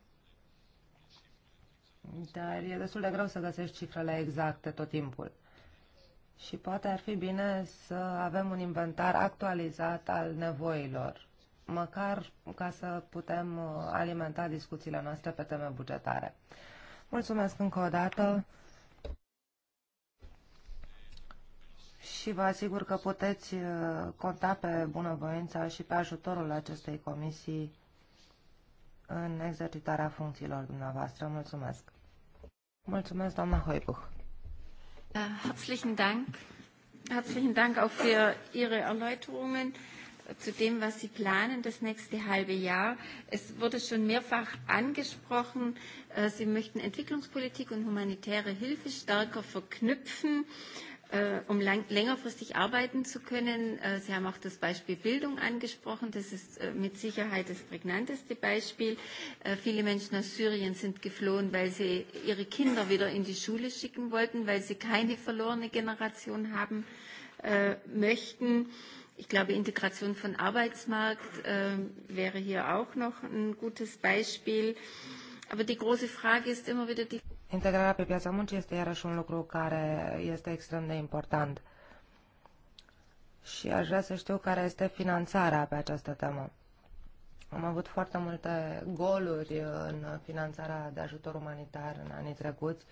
dar e destul de greu să găsești cifrele exacte tot timpul. Și poate ar fi bine să avem un inventar actualizat al nevoilor, măcar ca să putem uh, alimenta discuțiile noastre pe teme bugetare. Mulțumesc încă o dată și vă asigur că puteți uh, conta pe bunăvoința și pe ajutorul acestei comisii în exercitarea funcțiilor dumneavoastră. Mulțumesc! Mulțumesc, doamna Hoibuch. Äh, herzlichen Dank. Herzlichen Dank auch für Ihre Erläuterungen zu dem, was Sie planen das nächste halbe Jahr. Es wurde schon mehrfach angesprochen, äh, Sie möchten Entwicklungspolitik und humanitäre Hilfe stärker verknüpfen äh, um lang, längerfristig arbeiten zu können. Äh, Sie haben auch das Beispiel Bildung angesprochen. Das ist äh, mit Sicherheit das prägnanteste Beispiel. Äh, viele Menschen aus Syrien sind geflohen, weil sie ihre Kinder wieder in die Schule schicken wollten, weil sie keine verlorene Generation haben äh, möchten. Ich glaube, Integration von Arbeitsmarkt äh, wäre hier auch noch ein gutes Beispiel. Aber die große Frage ist immer wieder die Integrarea pe piața muncii este iarăși un lucru care este extrem de important. Și aș vrea să știu care este finanțarea pe această temă. Am avut foarte multe goluri în finanțarea de ajutor umanitar în anii trecuți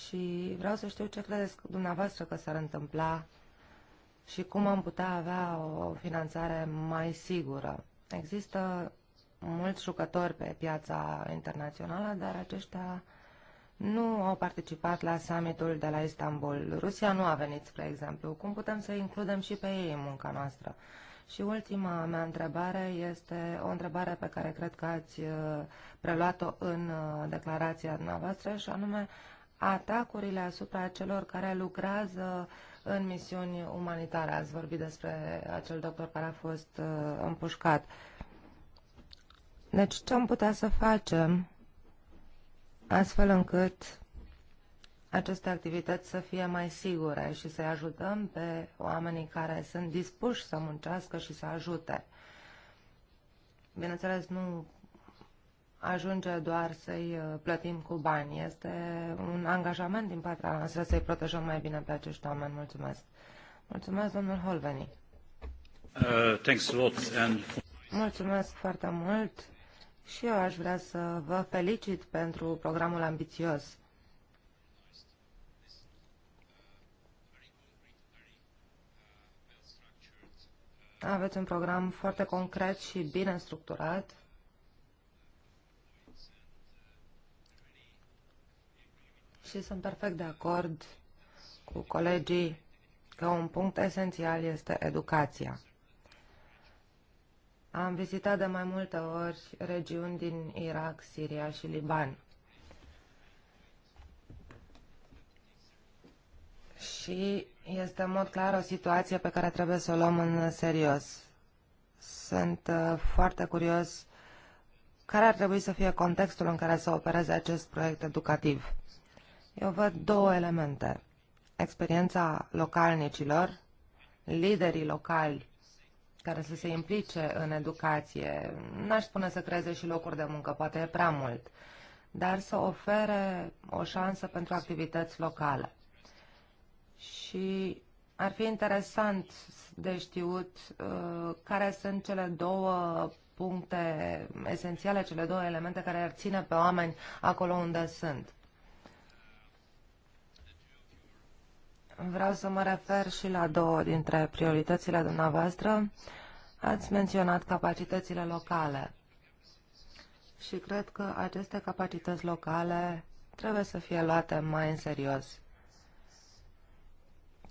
și vreau să știu ce credeți dumneavoastră că s-ar întâmpla și cum am putea avea o finanțare mai sigură. Există mulți jucători pe piața internațională, dar aceștia nu au participat la summitul de la Istanbul. Rusia nu a venit, spre exemplu. Cum putem să includem și pe ei în munca noastră? Și ultima mea întrebare este o întrebare pe care cred că ați uh, preluat-o în uh, declarația noastră și anume atacurile asupra celor care lucrează în misiuni umanitare. Ați vorbit despre acel doctor care a fost uh, împușcat. Deci ce am putea să facem astfel încât aceste activități să fie mai sigure și să-i ajutăm pe oamenii care sunt dispuși să muncească și să ajute. Bineînțeles, nu ajunge doar să-i uh, plătim cu bani. Este un angajament din partea noastră să-i protejăm mai bine pe acești oameni. Mulțumesc. Mulțumesc, domnul Holveni. Uh, thanks a lot and... Mulțumesc foarte mult și eu aș vrea să vă felicit pentru programul ambițios. Aveți un program foarte concret și bine structurat. Și sunt perfect de acord cu colegii că un punct esențial este educația. Am vizitat de mai multe ori regiuni din Irak, Siria și Liban. Și este în mod clar o situație pe care trebuie să o luăm în serios. Sunt uh, foarte curios care ar trebui să fie contextul în care să opereze acest proiect educativ. Eu văd două elemente. Experiența localnicilor, liderii locali care să se implice în educație. N-aș spune să creeze și locuri de muncă, poate e prea mult, dar să ofere o șansă pentru activități locale. Și ar fi interesant de știut uh, care sunt cele două puncte esențiale, cele două elemente care ar ține pe oameni acolo unde sunt. Vreau să mă refer și la două dintre prioritățile dumneavoastră. Ați menționat capacitățile locale și cred că aceste capacități locale trebuie să fie luate mai în serios.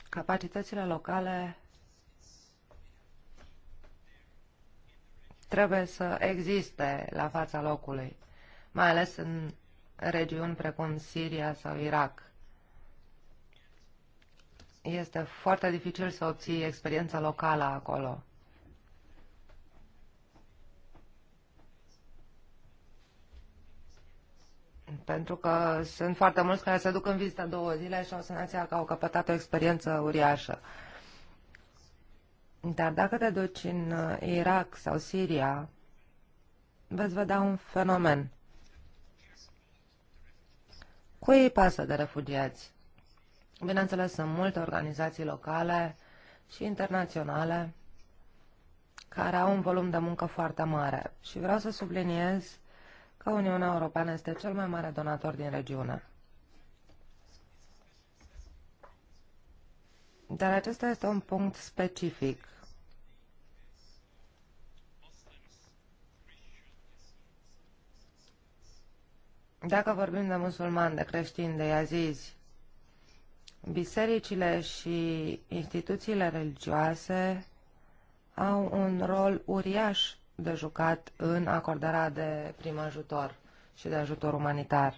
Capacitățile locale trebuie să existe la fața locului, mai ales în regiuni precum Siria sau Irak. Este foarte dificil să obții experiența locală acolo. Pentru că sunt foarte mulți care se duc în vizită două zile și au senzația că au căpătat o experiență uriașă. Dar dacă te duci în uh, Irak sau Siria, veți vedea un fenomen. Cui îi pasă de refugiați? Bineînțeles, sunt multe organizații locale și internaționale care au un volum de muncă foarte mare și vreau să subliniez că Uniunea Europeană este cel mai mare donator din regiune. Dar acesta este un punct specific. Dacă vorbim de musulmani, de creștini, de iazizi, Bisericile și instituțiile religioase au un rol uriaș de jucat în acordarea de prim ajutor și de ajutor umanitar.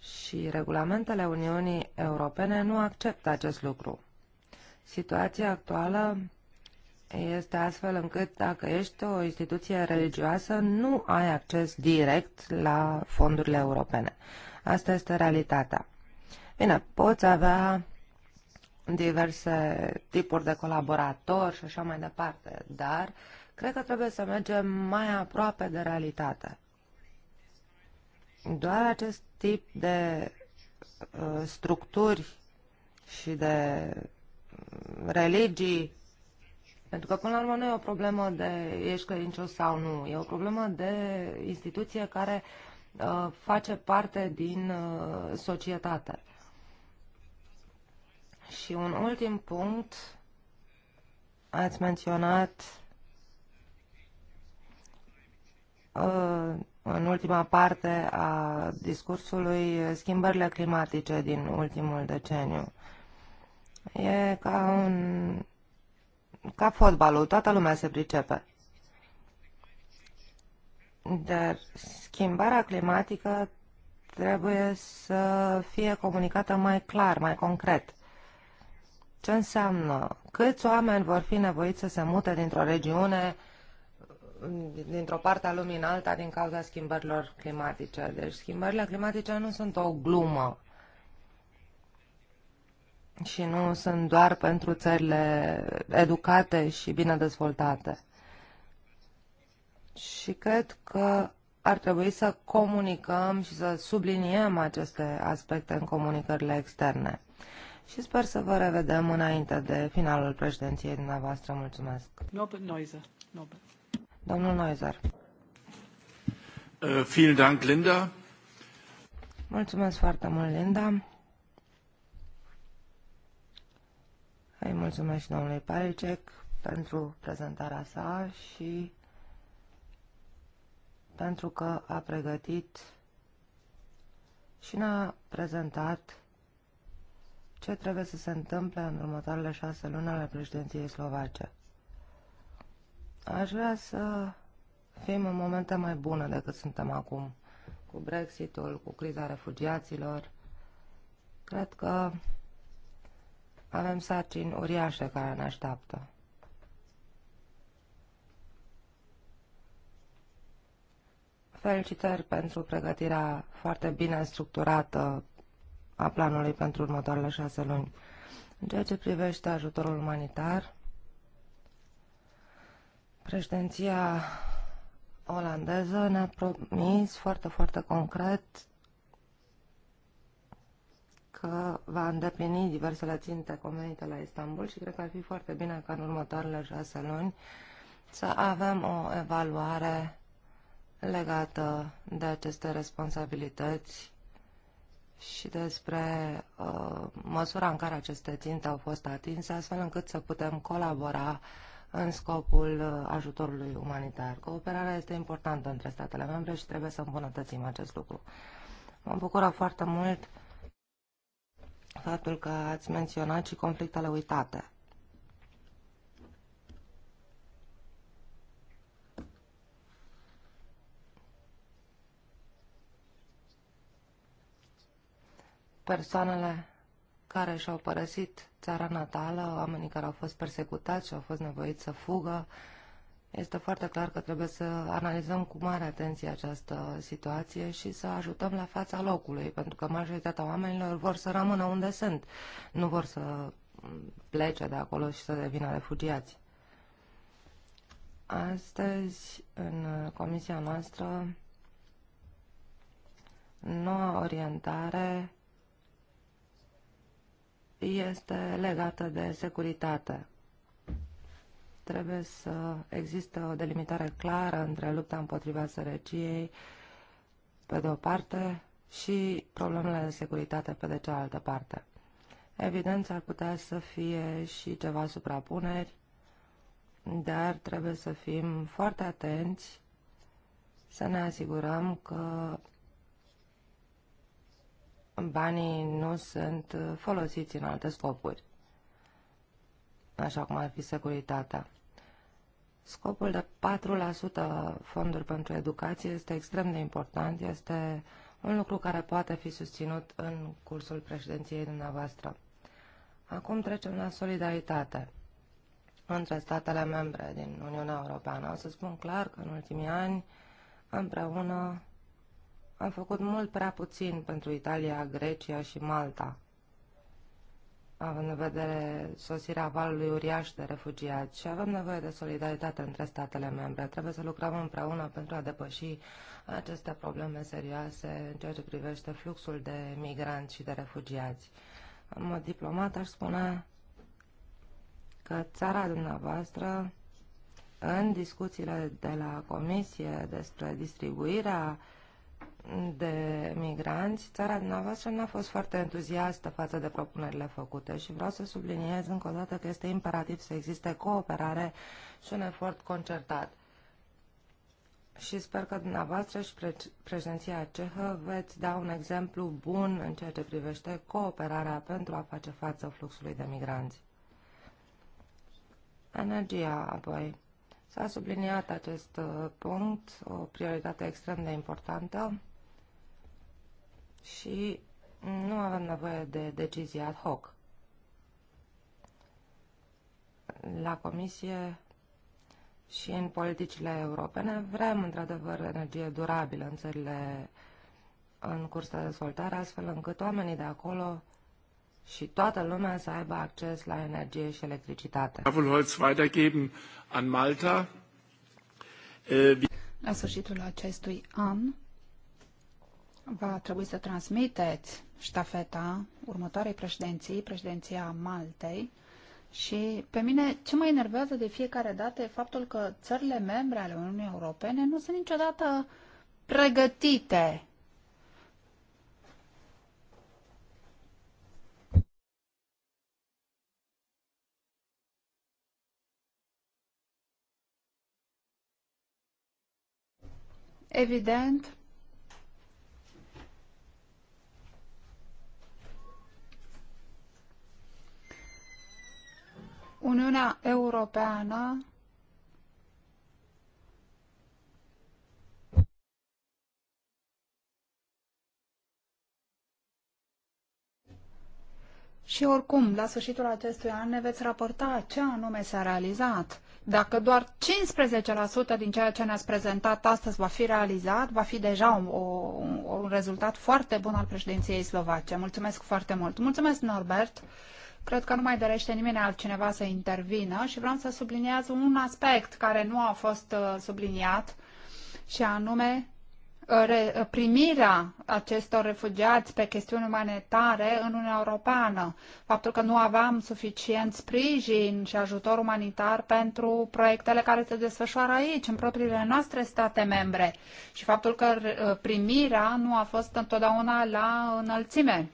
Și regulamentele Uniunii Europene nu acceptă acest lucru. Situația actuală este astfel încât dacă ești o instituție religioasă, nu ai acces direct la fondurile europene. Asta este realitatea. Bine, poți avea diverse tipuri de colaboratori și așa mai departe, dar cred că trebuie să mergem mai aproape de realitate. Doar acest tip de uh, structuri și de uh, religii, pentru că până la urmă nu e o problemă de ești credincios sau nu, e o problemă de instituție care uh, face parte din uh, societate. Și un ultim punct, ați menționat uh, în ultima parte a discursului schimbările climatice din ultimul deceniu. E ca un ca fotbalul, toată lumea se pricepe. Dar schimbarea climatică trebuie să fie comunicată mai clar, mai concret. Ce înseamnă? Câți oameni vor fi nevoiți să se mute dintr-o regiune, dintr-o parte a lumii în alta, din cauza schimbărilor climatice? Deci schimbările climatice nu sunt o glumă și nu sunt doar pentru țările educate și bine dezvoltate. Și cred că ar trebui să comunicăm și să subliniem aceste aspecte în comunicările externe și sper să vă revedem înainte de finalul președinției dumneavoastră. Mulțumesc. Norbert Neuser. Norbert. Domnul Neuser. Uh, vielen Dank, Linda. Mulțumesc foarte mult, Linda. Îi mulțumesc și domnului Palicek pentru prezentarea sa și pentru că a pregătit și ne-a prezentat ce trebuie să se întâmple în următoarele șase luni ale președinției slovace. Aș vrea să fim în momente mai bune decât suntem acum, cu Brexitul, cu criza refugiaților. Cred că avem sarcini uriașe care ne așteaptă. Felicitări pentru pregătirea foarte bine structurată a planului pentru următoarele șase luni. În ceea ce privește ajutorul umanitar, președinția olandeză ne-a promis foarte, foarte concret că va îndeplini diversele ținte convenite la Istanbul și cred că ar fi foarte bine ca în următoarele șase luni să avem o evaluare legată de aceste responsabilități și despre uh, măsura în care aceste ținte au fost atinse, astfel încât să putem colabora în scopul uh, ajutorului umanitar. Cooperarea este importantă între statele membre și trebuie să îmbunătățim acest lucru. Mă bucură foarte mult faptul că ați menționat și conflictele uitate. persoanele care și-au părăsit țara natală, oamenii care au fost persecutați și au fost nevoiți să fugă. Este foarte clar că trebuie să analizăm cu mare atenție această situație și să ajutăm la fața locului, pentru că majoritatea oamenilor vor să rămână unde sunt, nu vor să plece de acolo și să devină refugiați. Astăzi, în comisia noastră, noua orientare este legată de securitate. Trebuie să existe o delimitare clară între lupta împotriva sărăciei, pe de o parte, și problemele de securitate, pe de cealaltă parte. Evident, ar putea să fie și ceva suprapuneri, dar trebuie să fim foarte atenți să ne asigurăm că banii nu sunt folosiți în alte scopuri, așa cum ar fi securitatea. Scopul de 4% fonduri pentru educație este extrem de important, este un lucru care poate fi susținut în cursul președinției dumneavoastră. Acum trecem la solidaritate între statele membre din Uniunea Europeană. O să spun clar că în ultimii ani, împreună, am făcut mult prea puțin pentru Italia, Grecia și Malta, având în vedere sosirea valului uriaș de refugiați și avem nevoie de solidaritate între statele membre. Trebuie să lucrăm împreună pentru a depăși aceste probleme serioase în ceea ce privește fluxul de migranți și de refugiați. În mod diplomat aș spune că țara dumneavoastră, în discuțiile de la Comisie despre distribuirea uh, de migranți, țara dumneavoastră n-a fost foarte entuziastă față de propunerile făcute și vreau să subliniez încă o dată că este imperativ să existe cooperare și un efort concertat. Și sper că dumneavoastră și pre prezenția cehă veți da un exemplu bun în ceea ce privește cooperarea pentru a face față fluxului de migranți. Energia, apoi. S-a subliniat acest uh, punct, o prioritate extrem de importantă și nu avem nevoie de decizii ad hoc. La Comisie și în politicile europene vrem, într-adevăr, energie durabilă în țările în curs de dezvoltare, astfel încât oamenii de acolo și toată lumea să aibă acces la energie și electricitate. Äh, la sfârșitul acestui an, va trebui să transmiteți ștafeta următoarei președinții, președinția Maltei, și pe mine ce mă enervează de fiecare dată e faptul că țările membre ale Uniunii Europene nu sunt niciodată pregătite. Evident, Uniunea Europeană Și oricum, la sfârșitul acestui an ne veți raporta ce anume s-a realizat dacă doar 15% din ceea ce ne-ați prezentat astăzi va fi realizat, va fi deja un, un, un rezultat foarte bun al președinției slovace. Mulțumesc foarte mult. Mulțumesc, Norbert. Cred că nu mai dorește nimeni altcineva să intervină și vreau să subliniez un aspect care nu a fost uh, subliniat și anume primirea acestor refugiați pe chestiuni umanitare în Uniunea Europeană, faptul că nu aveam suficient sprijin și ajutor umanitar pentru proiectele care se desfășoară aici, în propriile noastre state membre și faptul că primirea nu a fost întotdeauna la înălțime.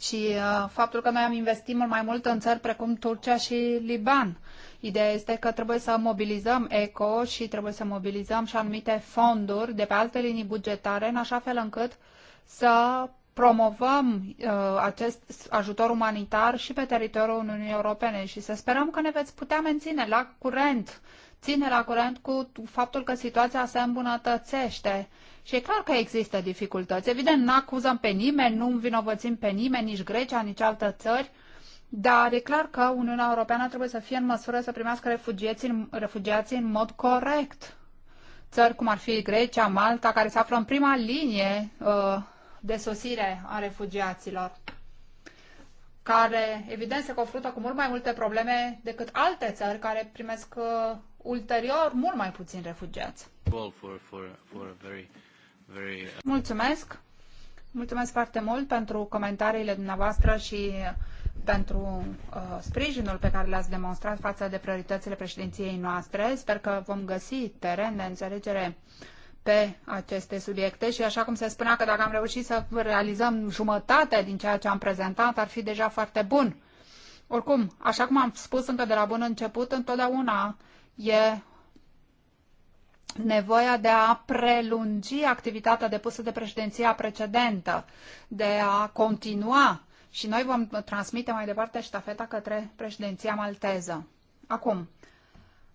Și uh, faptul că noi am investit mult mai mult în țări precum Turcia și Liban. Uh, Ideea este că trebuie să mobilizăm ECO și trebuie să mobilizăm și anumite fonduri de pe alte linii bugetare, în așa fel încât să promovăm uh, acest ajutor umanitar și pe teritoriul Uniunii Europene și să sperăm că ne veți putea menține la curent, ține la curent cu faptul că situația se îmbunătățește. Și e clar că există dificultăți. Evident, nu acuzăm pe nimeni, nu învinovățim pe nimeni, nici Grecia, nici alte țări. Uh, dar e clar că Uniunea Europeană trebuie să fie în măsură să primească refugiații, refugiații în mod corect. Țări cum ar fi Grecia, Malta, care se află în prima linie uh, de sosire a refugiaților, care evident se confruntă cu mult mai multe probleme decât alte țări care primesc uh, ulterior mult mai puțin refugiați. Uh, Mulțumesc! Mulțumesc foarte mult pentru comentariile dumneavoastră și pentru uh, sprijinul pe care l-ați demonstrat față de prioritățile președinției noastre. Sper că vom găsi teren de înțelegere pe aceste subiecte și așa cum se spunea că dacă am reușit să realizăm jumătate din ceea ce am prezentat, ar fi deja foarte bun. Oricum, așa cum am spus încă de la bun început, întotdeauna e nevoia de a prelungi activitatea depusă de președinția precedentă, de a continua și noi vom transmite mai departe ștafeta către președinția malteză. Acum,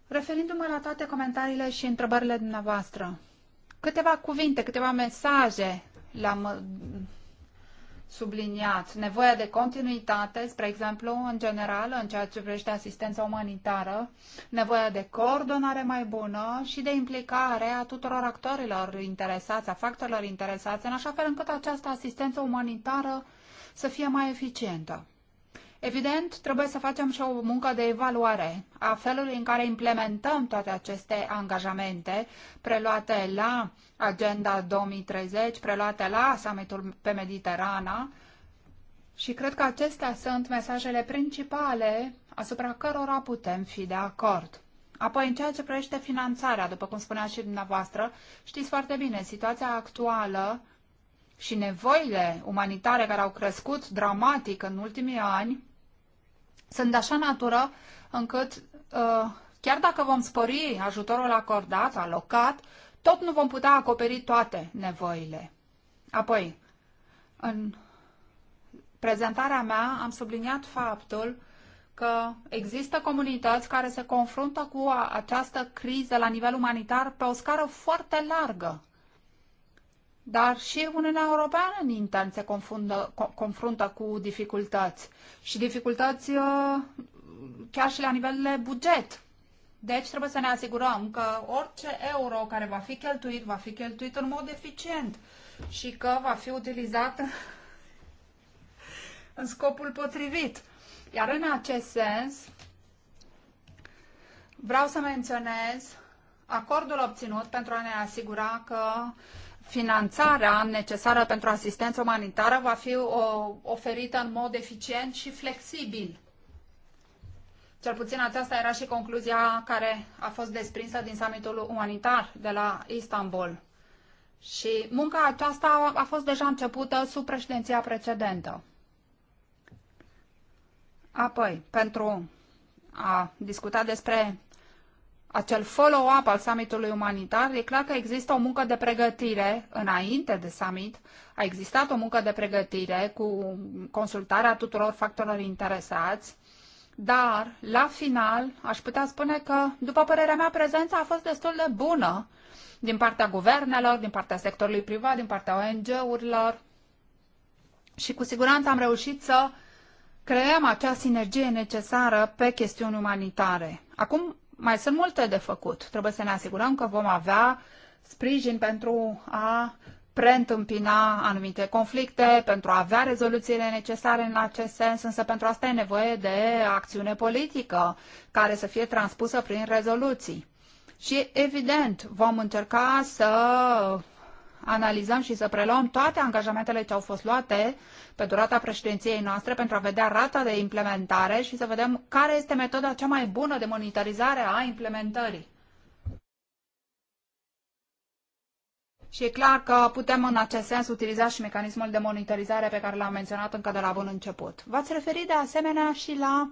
referindu-mă la toate comentariile și întrebările dumneavoastră, câteva cuvinte, câteva mesaje le-am uh, subliniat. Nevoia de continuitate, spre exemplu, în general, în ceea ce privește asistența umanitară, nevoia de coordonare mai bună și de implicare a tuturor actorilor interesați, a factorilor interesați, în așa fel încât această asistență umanitară să fie mai eficientă. Evident, trebuie să facem și o muncă de evaluare a felului în care implementăm toate aceste angajamente preluate la Agenda 2030, preluate la summitul pe Mediterana și cred că acestea sunt mesajele principale asupra cărora putem fi de acord. Apoi, în ceea ce privește finanțarea, după cum spunea și dumneavoastră, știți foarte bine, situația actuală și nevoile umanitare care au crescut dramatic în ultimii ani sunt de așa natură încât uh, chiar dacă vom spori ajutorul acordat, alocat, tot nu vom putea acoperi toate nevoile. Apoi, în prezentarea mea am subliniat faptul că există comunități care se confruntă cu această criză la nivel umanitar pe o scară foarte largă dar și Uniunea Europeană în intern se confundă, confruntă cu dificultăți și dificultăți uh, chiar și la nivel de buget. Deci trebuie să ne asigurăm că orice euro care va fi cheltuit, va fi cheltuit în mod eficient și că va fi utilizat în scopul potrivit. Iar în acest sens, vreau să menționez acordul obținut pentru a ne asigura că finanțarea necesară pentru asistență umanitară va fi oferită în mod eficient și flexibil. Cel puțin aceasta era și concluzia care a fost desprinsă din summitul umanitar de la Istanbul. Și munca aceasta a fost deja începută sub președinția precedentă. Apoi, pentru a discuta despre acel follow-up al summitului umanitar, e clar că există o muncă de pregătire înainte de summit, a existat o muncă de pregătire cu consultarea tuturor factorilor interesați, dar, la final, aș putea spune că, după părerea mea, prezența a fost destul de bună din partea guvernelor, din partea sectorului privat, din partea ONG-urilor și cu siguranță am reușit să creăm acea sinergie necesară pe chestiuni umanitare. Acum mai sunt multe de făcut. Trebuie să ne asigurăm că vom avea sprijin pentru a preîntâmpina anumite conflicte, pentru a avea rezoluțiile necesare în acest sens, însă pentru asta e nevoie de acțiune politică care să fie transpusă prin rezoluții. Și evident, vom încerca să analizăm și să preluăm toate angajamentele ce au fost luate pe durata președinției noastre pentru a vedea rata de implementare și să vedem care este metoda cea mai bună de monitorizare a implementării. Și e clar că putem în acest sens utiliza și mecanismul de monitorizare pe care l-am menționat încă de la bun început. V-ați referit de asemenea și la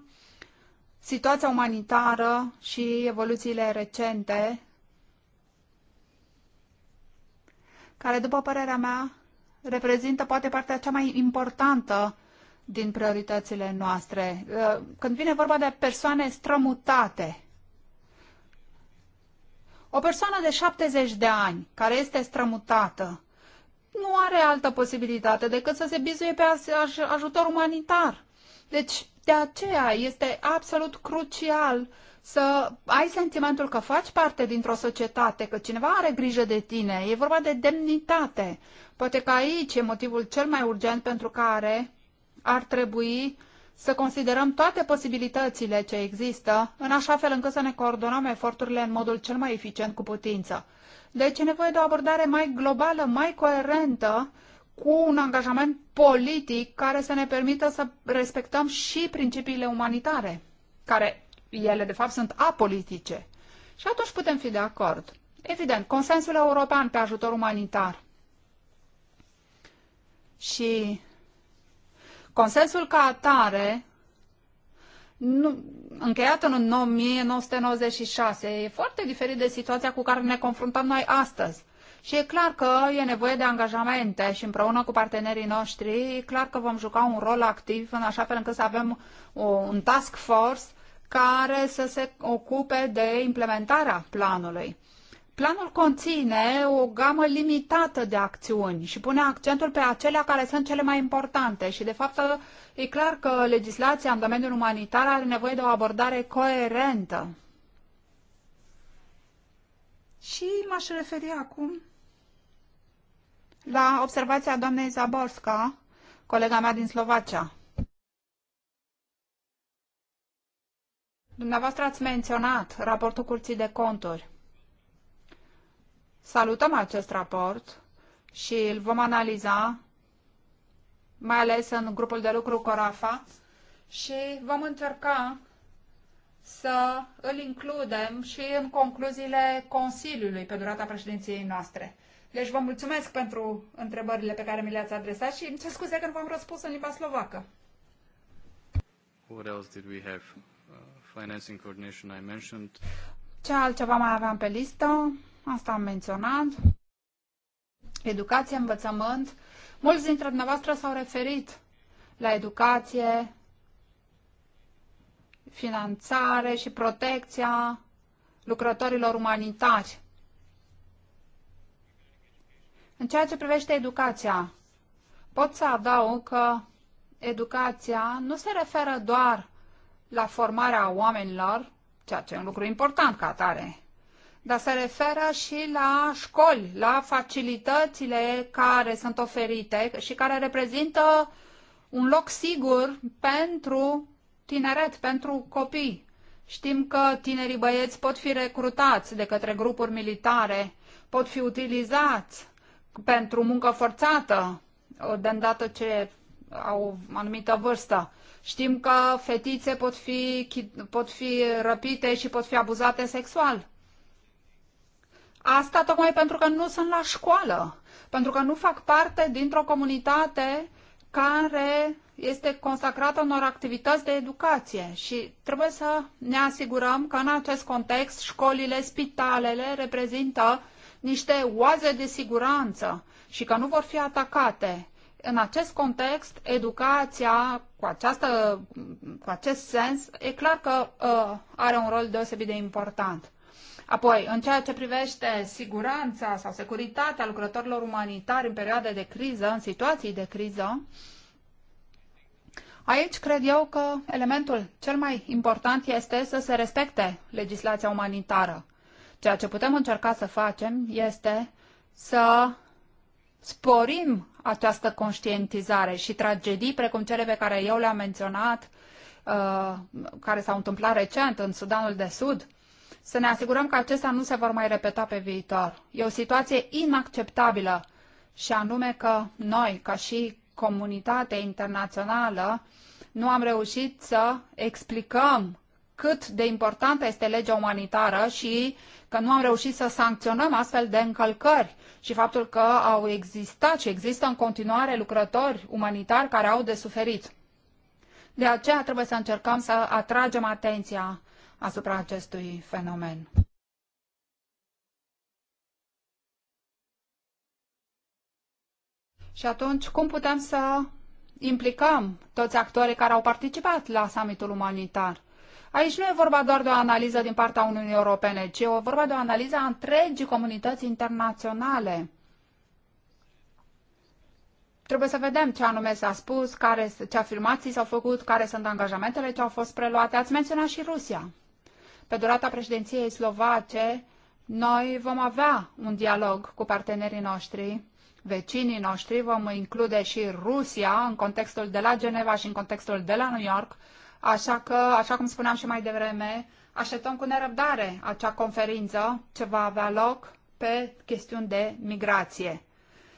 situația umanitară și evoluțiile recente, care, după părerea mea, reprezintă poate partea cea mai importantă din prioritățile noastre. Uh, când vine vorba de persoane strămutate, o persoană de 70 de ani care este strămutată nu are altă posibilitate decât să se bizuie pe ajutor umanitar. Deci, de aceea este absolut crucial uh, să ai sentimentul că faci parte dintr-o societate, că cineva are grijă de tine. E vorba de demnitate. Poate că aici e motivul cel mai urgent pentru care ar trebui să considerăm toate posibilitățile ce există, în așa fel încât să ne coordonăm eforturile în modul cel mai eficient cu putință. Deci e nevoie de o abordare mai globală, mai coerentă, cu un angajament politic care să ne permită să respectăm și principiile umanitare, care ele de fapt sunt apolitice. Și atunci putem fi de acord. Evident, consensul european pe ajutor umanitar și consensul ca atare nu, încheiat în 1996 e foarte diferit de situația cu care ne confruntăm noi astăzi. Și e clar că e nevoie de angajamente și împreună cu partenerii noștri, e clar că vom juca un rol activ în așa fel încât să avem o, un task force care să se ocupe de implementarea planului. Planul conține o gamă limitată de acțiuni și pune accentul pe acelea care sunt cele mai importante și, de fapt, e clar că legislația în domeniul umanitar are nevoie de o abordare coerentă. Și m-aș referi acum la observația doamnei Zaborska, colega mea din Slovacia. Dumneavoastră ați menționat raportul Curții de Conturi. Salutăm acest raport și îl vom analiza, mai ales în grupul de lucru Corafa, și vom încerca să îl includem și în concluziile Consiliului pe durata președinției noastre. Deci vă mulțumesc pentru întrebările pe care mi le-ați adresat și îmi cer scuze că nu v-am răspuns în limba slovacă. What else did we have? financing coordination I mentioned. Ce altceva mai aveam pe listă? Asta am menționat. Educație, învățământ. Mulți dintre dumneavoastră s-au referit la educație, finanțare și protecția lucrătorilor umanitari. În ceea ce privește educația, pot să adaug că educația nu se referă doar la formarea oamenilor, ceea ce e un lucru important ca atare, dar se referă și la școli, la facilitățile care sunt oferite și care reprezintă un loc sigur pentru tineret, pentru copii. Știm că tinerii băieți pot fi recrutați de către grupuri militare, pot fi utilizați pentru muncă forțată, de îndată ce au anumită vârstă. Știm că fetițe pot fi, pot fi răpite și pot fi abuzate sexual. Asta tocmai pentru că nu sunt la școală, pentru că nu fac parte dintr-o comunitate care este consacrată unor activități de educație și trebuie să ne asigurăm că în acest context școlile, spitalele reprezintă niște oaze de siguranță și că nu vor fi atacate. În acest context, educația cu, această, cu acest sens, e clar că uh, are un rol deosebit de important. Apoi, în ceea ce privește siguranța sau securitatea lucrătorilor umanitari în perioade de criză, în situații de criză, aici cred eu că elementul cel mai important este să se respecte legislația umanitară. Ceea ce putem încerca să facem este să sporim această conștientizare și tragedii precum cele pe care eu le-am menționat, uh, care s-au întâmplat recent în Sudanul de Sud, să ne asigurăm că acestea nu se vor mai repeta pe viitor. E o situație inacceptabilă și anume că noi, ca și comunitate internațională, nu am reușit să explicăm cât de importantă este legea umanitară și că nu am reușit să sancționăm astfel de încălcări și faptul că au existat și există în continuare lucrători umanitari care au de suferit. De aceea trebuie să încercăm să atragem atenția asupra acestui fenomen. Și atunci, cum putem să implicăm toți actorii care au participat la summitul umanitar? Aici nu e vorba doar de o analiză din partea Uniunii Europene, ci e vorba de o analiză a întregii comunități internaționale. Trebuie să vedem ce anume s-a spus, care, ce afirmații s-au făcut, care sunt angajamentele ce au fost preluate. Ați menționat și Rusia. Pe durata președinției slovace, noi vom avea un dialog cu partenerii noștri, vecinii noștri, vom include și Rusia în contextul de la Geneva și în contextul de la New York, Așa că, așa cum spuneam și mai devreme, așteptăm cu nerăbdare acea conferință ce va avea loc pe chestiuni de migrație.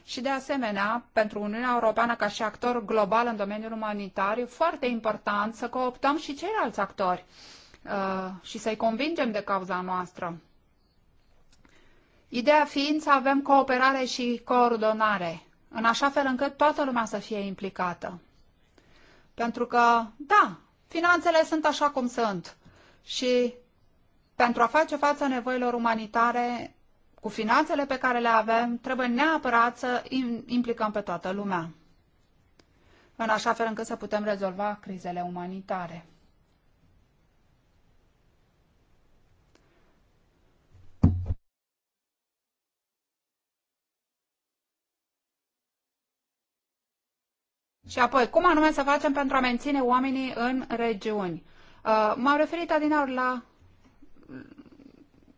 Și de asemenea, pentru Uniunea Europeană ca și actor global în domeniul umanitar, e foarte important să cooptăm și ceilalți actori uh, și să-i convingem de cauza noastră. Ideea fiind să avem cooperare și coordonare, în așa fel încât toată lumea să fie implicată. Pentru că, da, finanțele sunt așa cum sunt și pentru a face față nevoilor umanitare, cu finanțele pe care le avem, trebuie neapărat să implicăm pe toată lumea, în așa fel încât să putem rezolva crizele umanitare. Și apoi, cum anume să facem pentru a menține oamenii în regiuni? Uh, m-am referit adinaur la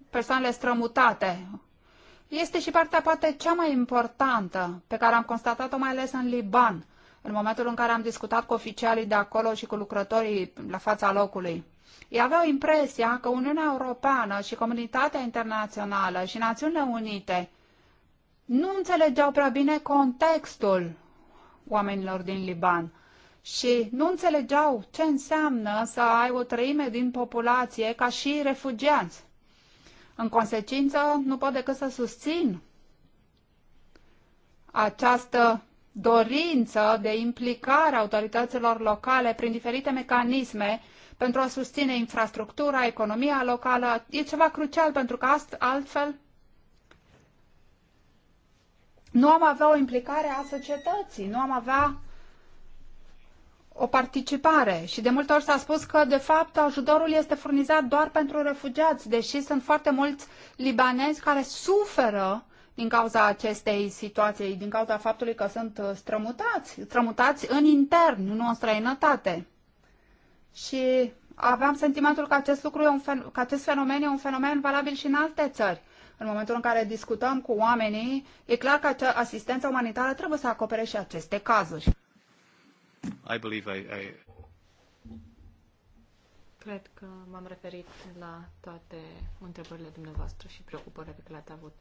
persoanele strămutate. Este și partea poate cea mai importantă pe care am constatat-o mai ales în Liban, în momentul în care am discutat cu oficialii de acolo și cu lucrătorii la fața locului. Ei aveau impresia că Uniunea Europeană și comunitatea internațională și Națiunile Unite nu înțelegeau prea bine contextul oamenilor din Liban și nu înțelegeau ce înseamnă să ai o treime din populație ca și refugiați. În consecință, nu pot decât să susțin această dorință de implicare a autorităților locale prin diferite mecanisme pentru a susține infrastructura, economia locală, e ceva crucial pentru că altfel nu am avea o implicare a societății, nu am avea o participare. Și de multe ori s-a spus că, de fapt, ajutorul este furnizat doar pentru refugiați, deși sunt foarte mulți libanezi care suferă din cauza acestei situații, din cauza faptului că sunt uh, strămutați, strămutați în intern, nu în străinătate. Și aveam sentimentul că acest, lucru e un fen- că acest fenomen e un fenomen valabil și în alte țări în momentul în care discutăm cu oamenii, e clar că acea asistență umanitară trebuie să acopere și aceste cazuri. I believe I, I... Cred că m-am referit la toate întrebările dumneavoastră și preocupările pe care le-ați avut.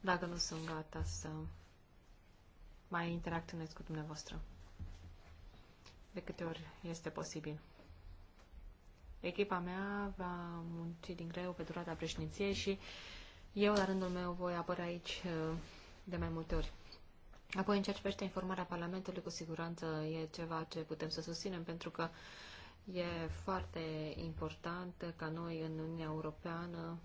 Dacă nu sunt gata să mai interacționez cu dumneavoastră de câte ori este posibil. Echipa mea va munci din greu pe durata președinției și uh, eu, la rândul meu, voi apăra aici uh, de mai multe ori. Apoi, în ceea ce privește informarea Parlamentului, cu siguranță e ceva ce putem să susținem, pentru că e foarte important ca noi, în Uniunea Europeană,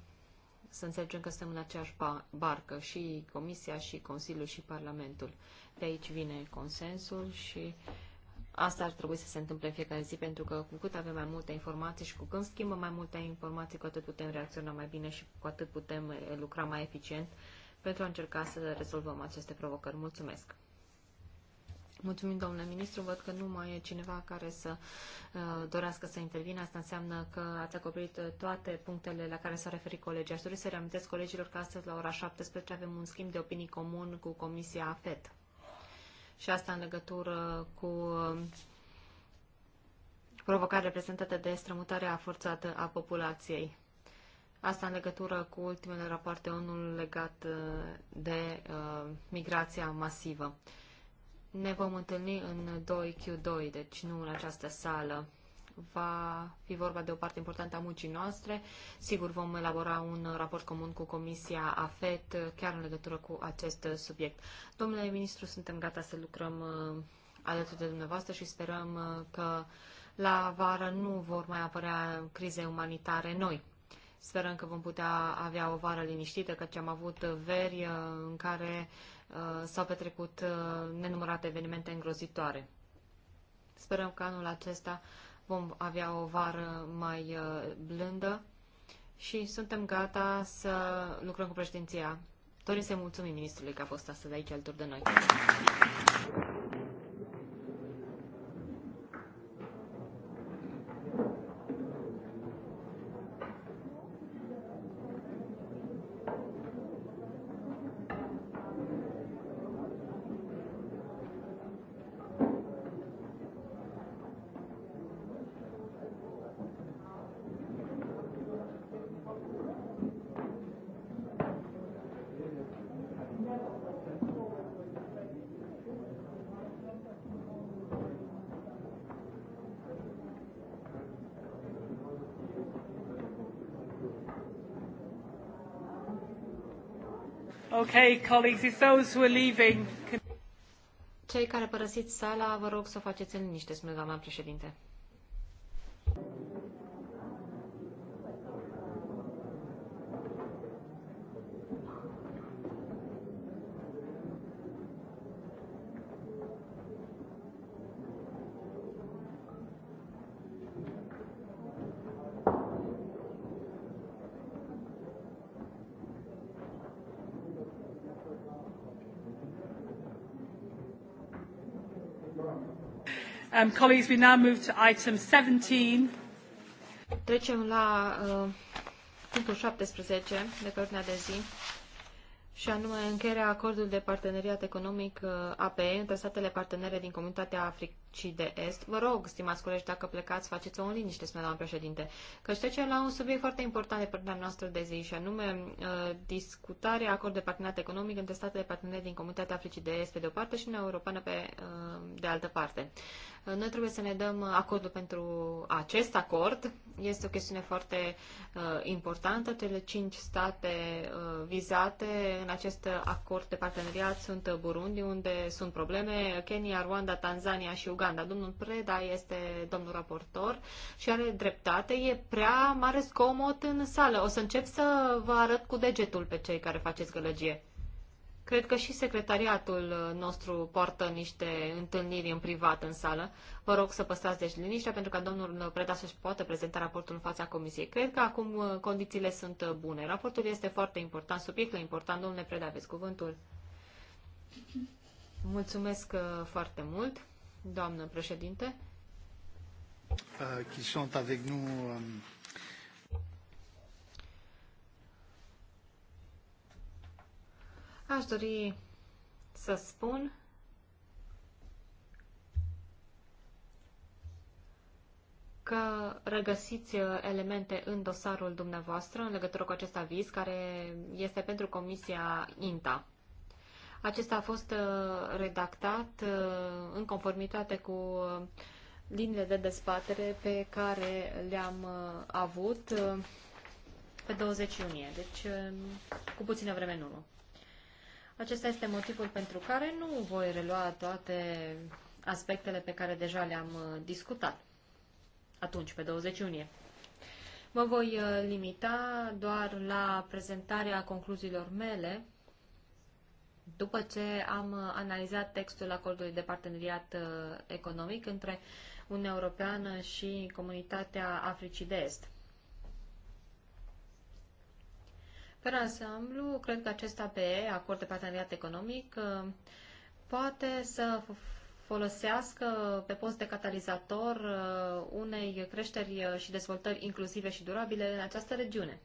să înțelegem că suntem în aceeași barcă, și Comisia, și Consiliul, și Parlamentul. De aici vine consensul și uh, Asta ar trebui să se întâmple în fiecare zi, pentru că cu cât avem mai multe informații și cu când schimbăm mai multe informații, cu atât putem reacționa mai bine și cu atât putem eh, lucra mai eficient pentru a încerca să rezolvăm aceste provocări. Mulțumesc! Mulțumim, domnule ministru. Văd că nu mai e cineva care să uh, dorească să intervină. Asta înseamnă că ați acoperit eh, toate punctele la care s-au referit colegii. Aș dori să reamintesc colegilor că astăzi la ora 17 avem un schimb de opinii comun cu Comisia AFET și asta în legătură cu um, provocarea reprezentată de strămutarea forțată a populației. Asta în legătură cu ultimele rapoarte ONU legat uh, de uh, migrația masivă. Ne vom întâlni în 2Q2, deci nu în această sală va fi vorba de o parte importantă a muncii noastre. Sigur, vom elabora un raport comun cu Comisia AFET chiar în legătură cu acest subiect. Domnule ministru, suntem gata să lucrăm uh, alături de dumneavoastră și sperăm uh, că la vară nu vor mai apărea crize umanitare noi. Sperăm că vom putea avea o vară liniștită, căci am avut veri uh, în care s-au petrecut nenumărate evenimente îngrozitoare. Sperăm că anul acesta vom avea o vară mai uh, blândă și suntem gata să lucrăm cu președinția. Dorim să-i mulțumim ministrului că a fost astăzi aici alături de noi. Okay, colleagues, if those who are leaving... Cei care părăsiți sala, vă rog să o faceți în liniște, spune doamna președinte. Um, colleagues, we now move to item 17. Trecem la uh, punctul 17 de pe ordinea de zi și anume încheierea acordului de parteneriat economic uh, APE între statele partenere din comunitatea Afric ci de est. Vă rog, stimați colegi, dacă plecați, faceți-o în liniște, spune doamna președinte, că trece la un subiect foarte important de partea noastră de zi, și anume uh, discutarea acord de parteneriat economic între statele partenere din Comunitatea Africii de Est pe de o parte și Uniunea Europeană pe uh, de altă parte. Uh, noi trebuie să ne dăm acordul pentru acest acord. Este o chestiune foarte uh, importantă. Cele cinci state uh, vizate în acest acord de parteneriat sunt Burundi, unde sunt probleme, Kenya, Rwanda, Tanzania și Uganda Uganda. Domnul Preda este domnul raportor și are dreptate. E prea mare scomot în sală. O să încep să vă arăt cu degetul pe cei care faceți gălăgie. Cred că și secretariatul nostru poartă niște întâlniri în privat în sală. Vă rog să păstrați deci liniștea pentru ca domnul Preda să-și poată prezenta raportul în fața comisiei. Cred că acum condițiile sunt bune. Raportul este foarte important, subiectul important. Domnule Preda, aveți cuvântul. Mulțumesc uh, foarte mult doamnă președinte. Uh, qui sunt avec nous um, Aș dori să spun că regăsiți elemente în dosarul dumneavoastră în legătură cu acest aviz care este pentru Comisia INTA. Acesta a fost uh, redactat uh, în conformitate cu uh, liniile de dezbatere pe care le-am avut pe 20 iunie, deci cu puțină vreme în urmă. Acesta este motivul pentru care nu voi relua toate aspectele pe care deja le-am discutat atunci, pe 20 iunie. Mă voi limita doar la prezentarea concluziilor mele după ce am analizat textul acordului de parteneriat uh, economic între Uniunea Europeană și Comunitatea Africii de Est. Pe ansamblu, cred că acest APE, acord de parteneriat economic, uh, poate să folosească pe post de catalizator uh, unei creșteri și dezvoltări inclusive și durabile în această regiune.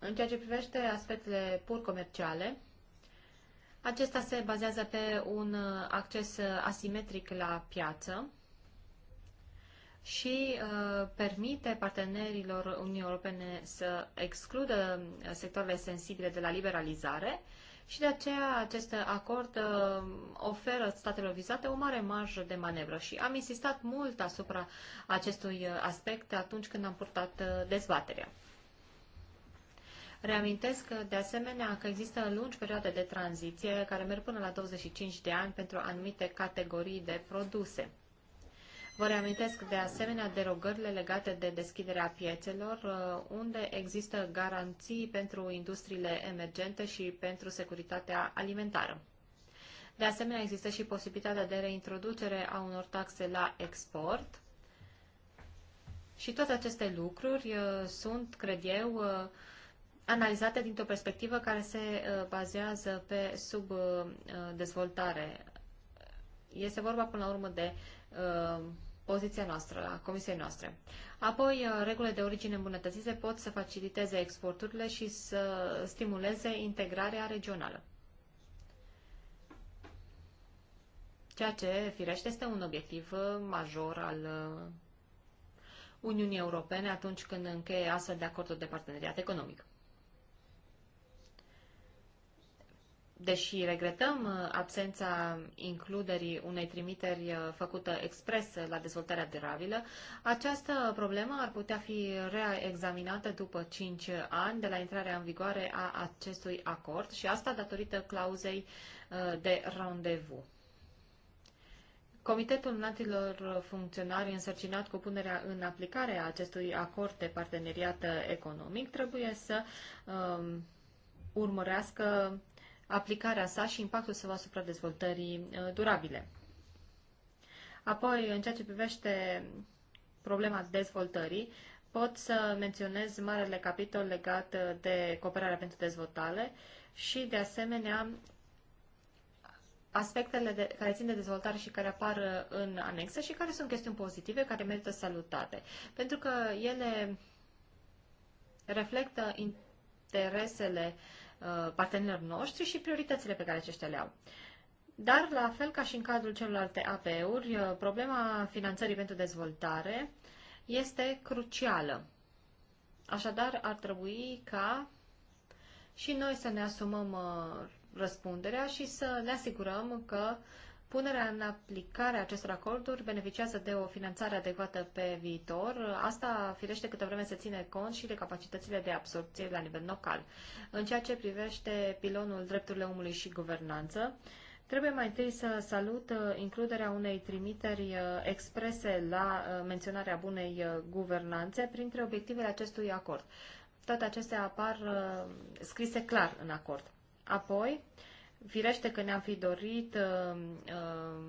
În ceea ce privește aspectele pur comerciale, acesta se bazează pe un uh, acces uh, asimetric la piață și uh, permite partenerilor Uniunii Europene să excludă sectoarele sensibile de la liberalizare și de aceea acest acord oferă statelor vizate o mare marjă de manevră și am insistat mult asupra acestui aspect atunci când am purtat dezbaterea. Reamintesc de asemenea că există lungi perioade de tranziție care merg până la 25 de ani pentru anumite categorii de produse. Vă reamintesc de asemenea derogările legate de deschiderea piețelor, uh, unde există garanții pentru industriile emergente și pentru securitatea alimentară. De asemenea, există și posibilitatea de reintroducere a unor taxe la export. Și toate aceste lucruri uh, sunt, cred eu, uh, analizate dintr-o perspectivă care se uh, bazează pe subdezvoltare. Este vorba până la urmă de uh, poziția noastră, a comisiei noastre. Apoi, uh, regulile de origine îmbunătățite pot să faciliteze exporturile și să stimuleze integrarea regională. Ceea ce, firește, este un obiectiv major al Uniunii Europene atunci când încheie astfel de acorduri de parteneriat economic. Deși regretăm uh, absența includerii unei trimiteri uh, făcută expres la dezvoltarea durabilă, această problemă ar putea fi reexaminată după 5 ani de la intrarea în vigoare a acestui acord și asta datorită clauzei uh, de rendezvous. Comitetul Natilor Funcționari însărcinat cu punerea în aplicare a acestui acord de parteneriat economic trebuie să um, urmărească aplicarea sa și impactul său asupra dezvoltării uh, durabile. Apoi, în ceea ce privește problema dezvoltării, pot să menționez marele capitol legat uh, de cooperarea pentru dezvoltare și, de asemenea, aspectele de, care țin de dezvoltare și care apar uh, în anexă și care sunt chestiuni pozitive care merită salutate. Pentru că ele reflectă interesele uh, Uh, partenerilor noștri și prioritățile pe care aceștia le au. Dar, la fel ca și în cadrul celorlalte APE-uri, uh, problema finanțării pentru dezvoltare este crucială. Așadar, ar trebui ca și noi să ne asumăm uh, răspunderea și să ne asigurăm că uh, Punerea în aplicare a acestor acorduri beneficiază de o finanțare adecvată pe viitor. Asta, firește, câtă vreme se ține cont și de capacitățile de absorpție la nivel local. În ceea ce privește pilonul drepturile omului și guvernanță, Trebuie mai întâi să salut uh, includerea unei trimiteri uh, exprese la uh, menționarea bunei guvernanțe printre obiectivele acestui acord. Toate acestea apar scrise clar în acord. Apoi, Firește că ne-am fi dorit uh, uh,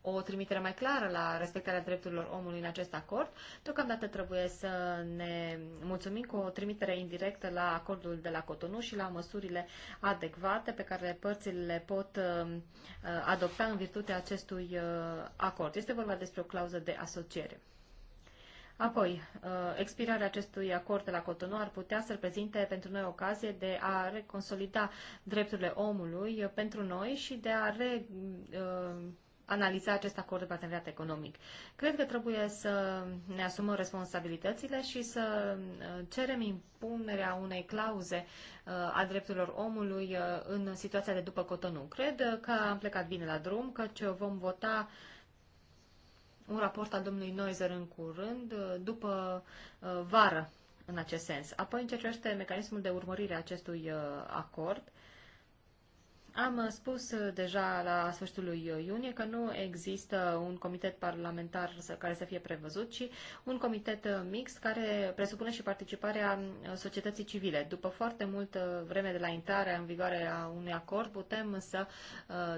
o trimitere mai clară la respectarea drepturilor omului în acest acord. Deocamdată trebuie să ne mulțumim cu o trimitere indirectă la acordul de la Cotonou și la măsurile adecvate pe care părțile le pot uh, uh, adopta în virtutea acestui uh, acord. Este vorba despre o clauză de asociere. Apoi, uh, expirarea acestui acord de la Cotonou ar putea să reprezinte pentru noi ocazie de a reconsolida drepturile omului uh, pentru noi și de a re, uh, analiza acest acord de parteneriat economic. Cred că trebuie să ne asumăm responsabilitățile și să cerem impunerea unei clauze a drepturilor omului în situația de după Cotonou. Cred că am plecat bine la drum, că ce vom vota uh, un raport al domnului Noizer în curând, uh, după uh, vară, în acest sens. Apoi, în ceea ce mecanismul de urmărire a acestui uh, acord, am uh, spus uh, deja la sfârșitul lui uh, iunie că nu există un comitet parlamentar care să fie prevăzut, ci un comitet mixt care presupune și participarea societății civile. După foarte multă vreme de la intrarea în vigoare a unui acord, putem să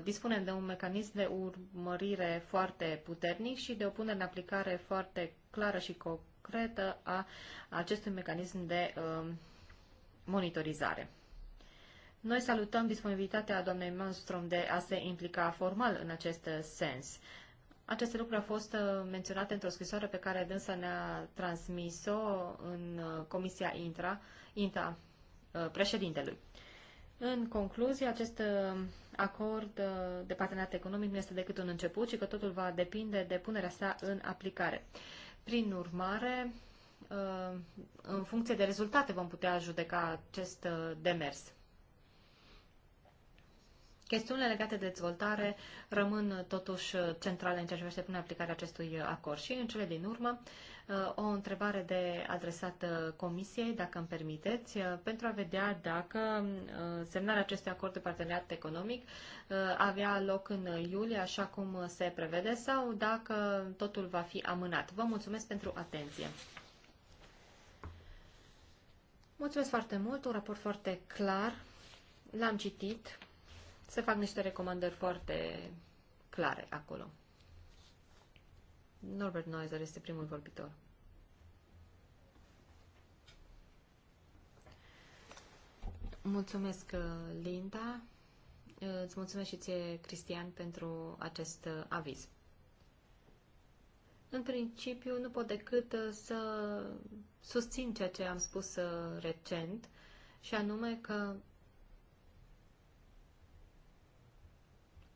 dispunem de un mecanism de urmărire foarte puternic și de o punere în aplicare foarte clară și concretă a acestui mecanism de monitorizare. Noi salutăm disponibilitatea doamnei Manstrom de a se implica formal în acest sens. Aceste lucruri au fost uh, menționate într-o scrisoare pe care dânsa ne-a transmis-o în uh, Comisia Intra, INTA uh, președintelui. În concluzie, acest acord de parteneriat economic nu este decât un început, ci că totul va depinde de punerea sa în aplicare. Prin urmare, în funcție de rezultate vom putea judeca acest demers. Chestiunile legate de dezvoltare rămân totuși centrale în ceea ce privește până aplicarea acestui acord. Și în cele din urmă, o întrebare de adresată uh, Comisiei, dacă îmi permiteți, uh, pentru a vedea dacă uh, semnarea acestui acord de parteneriat economic avea loc în iulie, așa cum se prevede, sau dacă totul va fi amânat. Vă mulțumesc pentru atenție. Mulțumesc foarte mult, un raport foarte clar. L-am citit se fac niște recomandări foarte clare acolo. Norbert Neuser este primul vorbitor. Mulțumesc, uh, Linda. Uh, îți mulțumesc și ție, Cristian, pentru acest uh, aviz. În principiu, nu pot decât să susțin ceea ce am spus recent, și anume că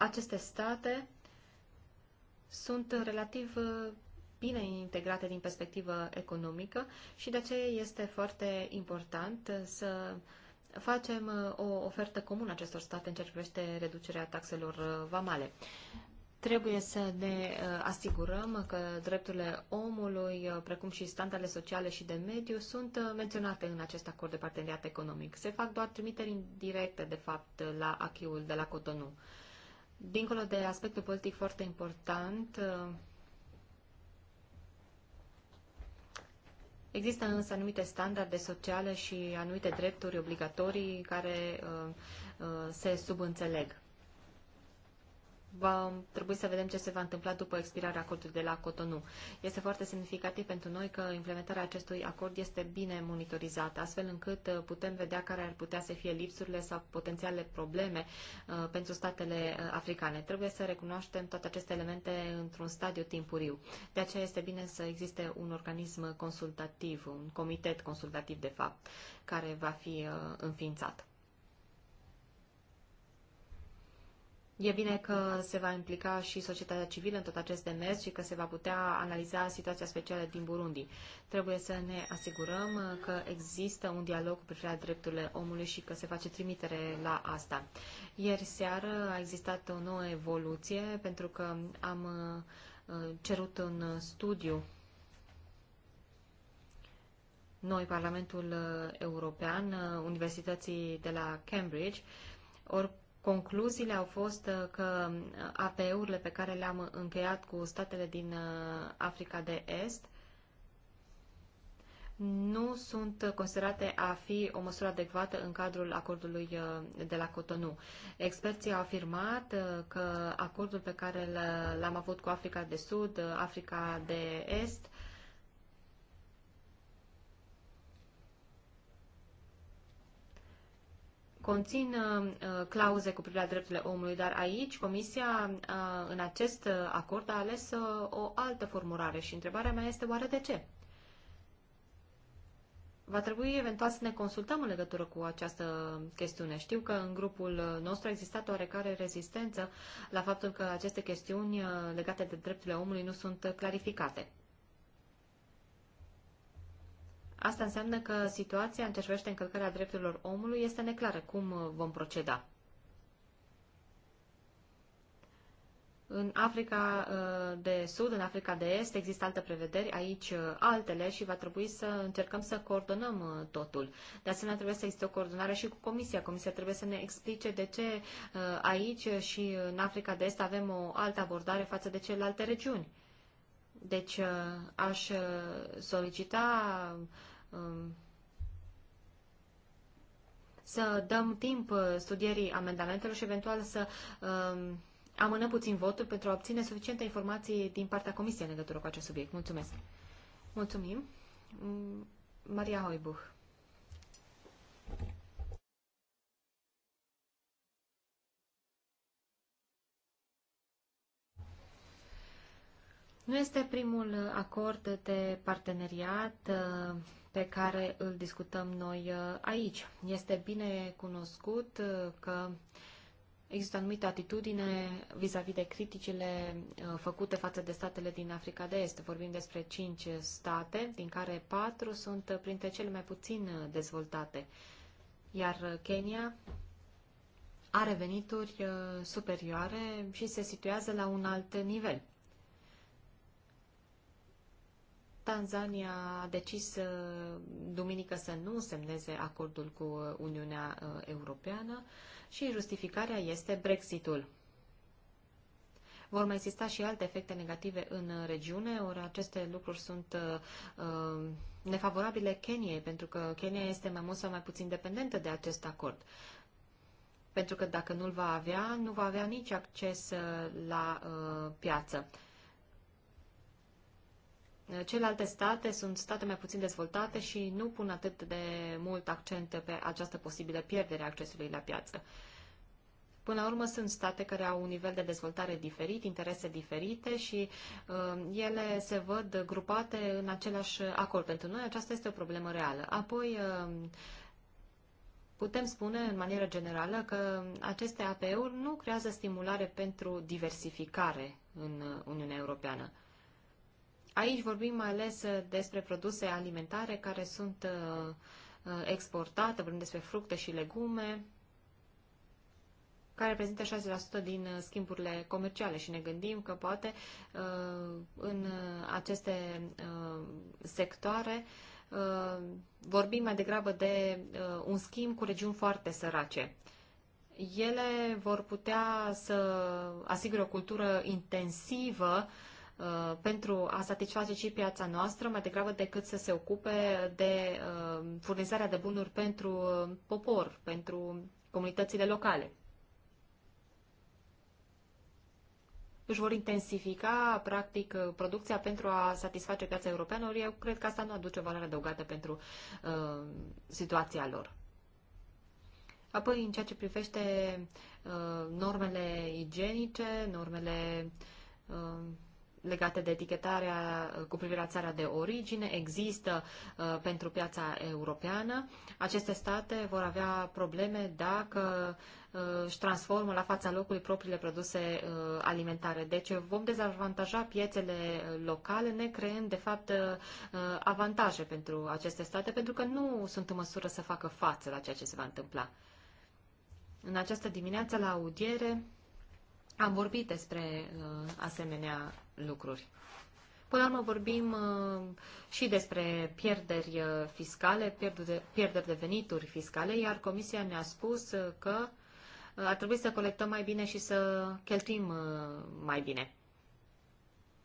aceste state sunt relativ uh, bine integrate din perspectivă economică și de aceea este foarte important uh, să facem uh, o ofertă comună acestor state în ceea ce privește reducerea taxelor vamale. Trebuie să ne asigurăm că drepturile omului, precum și standardele sociale și de mediu, sunt menționate în acest acord de parteneriat economic. Se fac doar trimiteri indirecte, de fapt, la achiul de la Cotonou. Dincolo de aspectul politic foarte important, Există însă anumite standarde sociale și anumite drepturi obligatorii care uh, uh, se subînțeleg va trebui să vedem ce se va întâmpla după expirarea acordului de la Cotonou. Este foarte semnificativ pentru noi că implementarea acestui acord este bine monitorizată, astfel încât uh, putem vedea care ar putea să fie lipsurile sau potențiale probleme uh, pentru statele uh, africane. Trebuie să recunoaștem toate aceste elemente într-un stadiu timpuriu. De aceea este bine să existe un organism consultativ, un comitet consultativ, de fapt, care va fi înființat. E bine că se va implica și societatea civilă în tot acest demers și că se va putea analiza situația specială din Burundi. Trebuie să ne asigurăm că există un dialog cu privire la drepturile omului și că se face trimitere la asta. Ieri seară a existat o nouă evoluție pentru că am uh, cerut un studiu noi, Parlamentul European, uh, Universității de la Cambridge, ori Concluziile au fost uh, că uh, APE-urile pe care le-am încheiat cu statele din uh, Africa de Est nu sunt considerate a fi o măsură adecvată în cadrul acordului de la Cotonou. Experții au afirmat că acordul pe care l-am avut cu Africa de Sud, Africa de Est, conțin uh, clauze cu privire la drepturile omului, dar aici Comisia, uh, în acest uh, acord, a ales uh, o altă formulare și întrebarea mea este oare de ce? Va trebui eventual să ne consultăm în legătură cu această chestiune. Știu că în grupul uh, nostru a existat oarecare rezistență la faptul că aceste chestiuni uh, legate de drepturile omului nu sunt clarificate. Asta înseamnă că situația în ce privește încălcarea drepturilor omului este neclară. Cum uh, vom proceda? În Africa uh, de Sud, în Africa de Est, există alte prevederi, aici uh, altele și va trebui să încercăm să coordonăm totul. De asemenea, trebuie să existe o coordonare și cu Comisia. Comisia trebuie să ne explice de ce aici și în Africa de Est avem o altă abordare față de celelalte regiuni. Deci aș solicita uh, Um, să dăm timp uh, studierii amendamentelor și eventual să um, amânăm puțin votul pentru a obține suficiente informații din partea Comisiei în legătură cu acest subiect. Mulțumesc! Mulțumim! Mm, Maria Hoibuch Nu este primul acord de parteneriat uh, pe care îl discutăm noi uh, aici. Este bine cunoscut uh, că există anumite atitudine vis-a-vis -vis de criticile uh, făcute față de statele din Africa de Est. Vorbim despre cinci state, din care patru sunt printre cele mai puțin dezvoltate, iar Kenya are venituri superioare și se situează la un alt nivel. Tanzania a decis uh, duminică să nu semneze acordul cu uh, Uniunea uh, Europeană și justificarea este Brexitul. Vor mai exista și alte efecte negative în regiune, ori aceste lucruri sunt uh, nefavorabile Keniei, pentru că Kenya este mai mult sau mai puțin dependentă de acest acord. Pentru că dacă nu-l va avea, nu va avea nici acces la uh, piață. Uh, Celelalte state sunt state mai puțin dezvoltate și nu pun atât de mult accent pe această posibilă pierdere a accesului la piață. Până la urmă sunt state care au un nivel de dezvoltare diferit, interese diferite și uh, ele se văd grupate în același acord. Pentru noi aceasta este o problemă reală. Apoi uh, putem spune în manieră generală că aceste APE-uri nu creează stimulare pentru diversificare în Uniunea Europeană. Aici vorbim mai ales uh, despre produse alimentare care sunt uh, uh, exportate, vorbim despre fructe și legume, care reprezintă 6% din schimburile comerciale și ne gândim că poate în aceste sectoare vorbim mai degrabă de un schimb cu regiuni foarte sărace. Ele vor putea să asigure o cultură intensivă uh, Uh, pentru a satisface și piața noastră, mai degrabă decât să se ocupe de uh, furnizarea de bunuri pentru uh, popor, pentru comunitățile locale. Își vor intensifica, practic, producția pentru a satisface piața europeană, ori eu cred că asta nu aduce valoare adăugată pentru uh, situația lor. Apoi, în ceea ce privește uh, normele igienice, normele uh, legate de etichetarea uh, cu privire la țara de origine există uh, pentru piața europeană. Aceste state vor avea probleme dacă uh, își transformă la fața locului propriile produse uh, alimentare. Deci uh, vom dezavantaja piețele uh, locale, ne creând, de fapt, avantaje pentru aceste state, pentru că nu sunt în măsură să facă față la ceea ce se va întâmpla. În această dimineață, la audiere, am vorbit despre uh, asemenea lucruri. Până la urmă vorbim uh, și despre pierderi uh, fiscale, pierderi de venituri fiscale, iar Comisia ne-a spus uh, că ar trebui să colectăm mai bine și să cheltuim mai bine.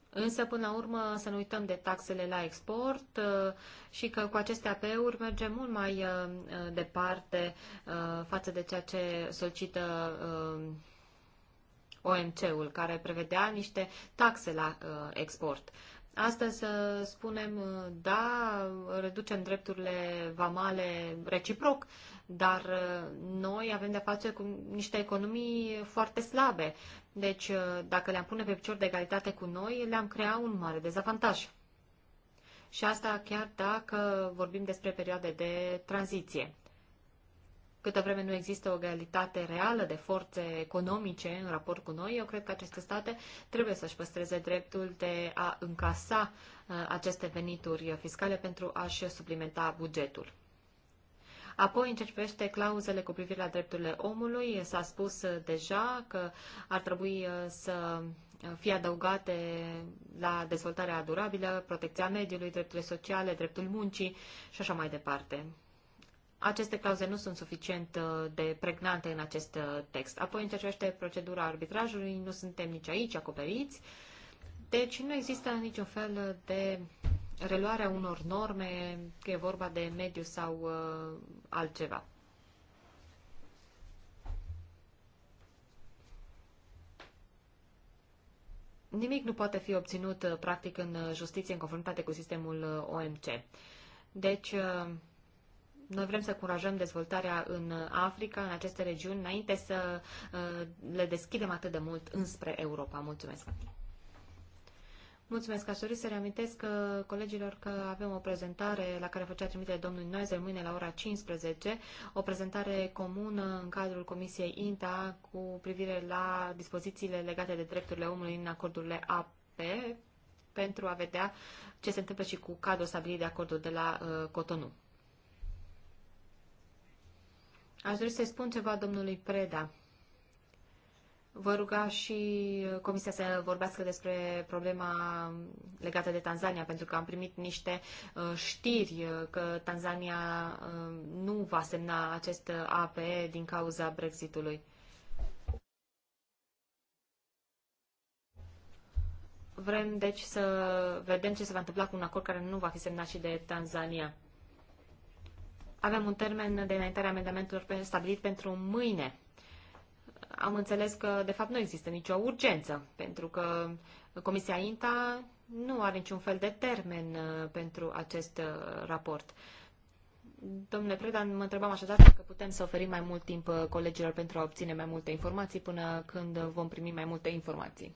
Însă, până la urmă, să nu uităm de taxele la export și că cu aceste AP-uri mergem mult mai departe față de ceea ce solicită OMC-ul, care prevedea niște taxe la uh, export. Astăzi să uh, spunem, uh, da, reducem drepturile vamale reciproc, dar uh, noi avem de-a face cu niște economii foarte slabe. Deci, dacă le-am pune pe picior de egalitate cu noi, le-am crea un mare dezavantaj. Și asta chiar dacă vorbim despre perioade de tranziție. Câtă vreme nu există o egalitate reală de forțe economice în raport cu noi, eu cred că aceste state trebuie să-și păstreze dreptul de a încasa uh, aceste venituri fiscale pentru a-și suplimenta bugetul. Apoi, în ce privește clauzele cu privire la drepturile omului, s-a spus uh, deja că ar trebui uh, să fie adăugate la dezvoltarea durabilă, protecția mediului, drepturile sociale, dreptul muncii și așa mai departe aceste clauze nu sunt suficient uh, de pregnante în acest uh, text. Apoi, în ceea ce privește procedura arbitrajului, nu suntem nici aici acoperiți, deci nu există niciun fel de a unor norme, că e vorba de mediu sau uh, altceva. Nimic nu poate fi obținut uh, practic în justiție în conformitate cu sistemul OMC. Deci, uh, noi vrem să încurajăm dezvoltarea în Africa, în aceste regiuni, înainte să uh, le deschidem atât de mult înspre Europa. Mulțumesc! Mulțumesc, aș dori să reamintesc uh, colegilor că avem o prezentare la care făcea trimitere domnul Noizer mâine la ora 15, o prezentare comună în cadrul Comisiei INTA cu privire la dispozițiile legate de drepturile omului în acordurile AP pentru a vedea ce se întâmplă și cu cadrul stabilit de acordul de la uh, Cotonou. Aș dori să-i spun ceva domnului Preda. Vă ruga și uh, Comisia să vorbească despre problema legată de Tanzania, pentru că am primit niște uh, știri uh, că Tanzania nu va semna acest APE din cauza Brexitului. Vrem, deci, să vedem ce se va întâmpla cu un acord care nu va fi semnat și de Tanzania. Avem un termen de înaintare a amendamentelor stabilit pentru mâine. Am înțeles că, de fapt, nu există nicio urgență, pentru că Comisia INTA nu are niciun fel de termen uh, pentru acest uh, raport. Domnule Preda, mă întrebam așadar dacă putem să oferim mai mult timp uh, colegilor pentru a obține mai multe informații până când vom primi mai multe informații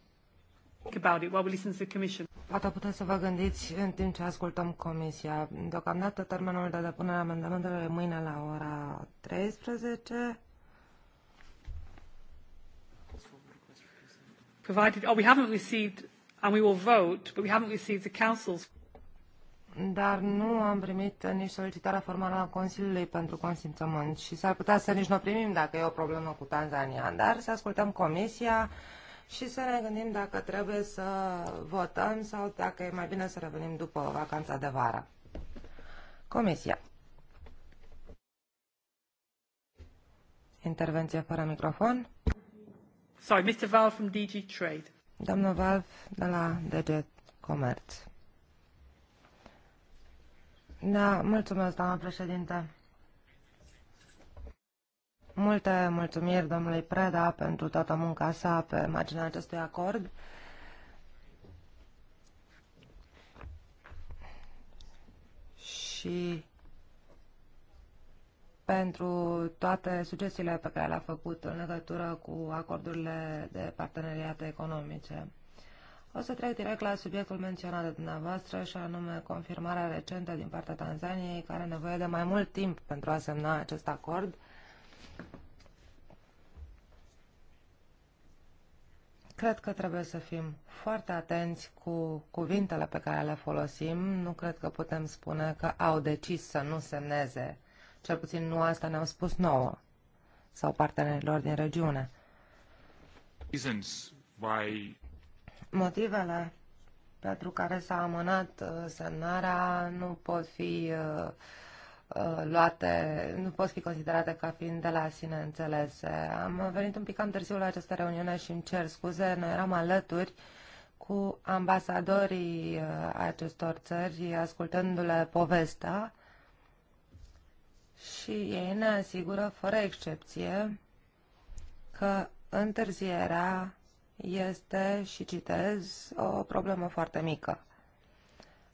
about putea Poate puteți să vă gândiți în timp ce ascultăm Comisia. Deocamdată termenul de depunere a amendamentelor e mâine la ora 13. Provided, oh, we haven't received, and we will vote, but we haven't received the Council's dar nu am primit nici solicitarea formală a Consiliului pentru consimțământ și s-ar putea să nici nu o primim dacă e o problemă cu Tanzania, dar să ascultăm Comisia și să ne gândim dacă trebuie să votăm sau dacă e mai bine să revenim după vacanța de vară. Comisia. Intervenție fără microfon. Sorry, Mr. Val from DG Trade. Domnul Val, de la DG Comerț. Da, mulțumesc, doamna președinte. Multe mulțumiri domnului Preda pentru toată munca sa pe marginea acestui acord. Și pentru toate sugestiile pe care le-a făcut în legătură cu acordurile de parteneriate economice. O să trec direct la subiectul menționat de dumneavoastră și anume confirmarea recentă din partea Tanzaniei care are nevoie de mai mult timp pentru a semna acest acord Cred că trebuie să fim foarte atenți cu cuvintele pe care le folosim. Nu cred că putem spune că au decis să nu semneze. Cel puțin nu asta ne-au spus nouă sau partenerilor din regiune. Motivele pentru care s-a amânat uh, semnarea nu pot fi uh, Uh, luate, nu pot fi considerate ca fiind de la sine înțelese. Am venit un pic cam târziu la această reuniune și îmi cer scuze, noi eram alături cu ambasadorii uh, acestor țări, ascultându-le povestea și ei ne asigură, fără excepție, că întârzierea este, și citez, o problemă foarte mică.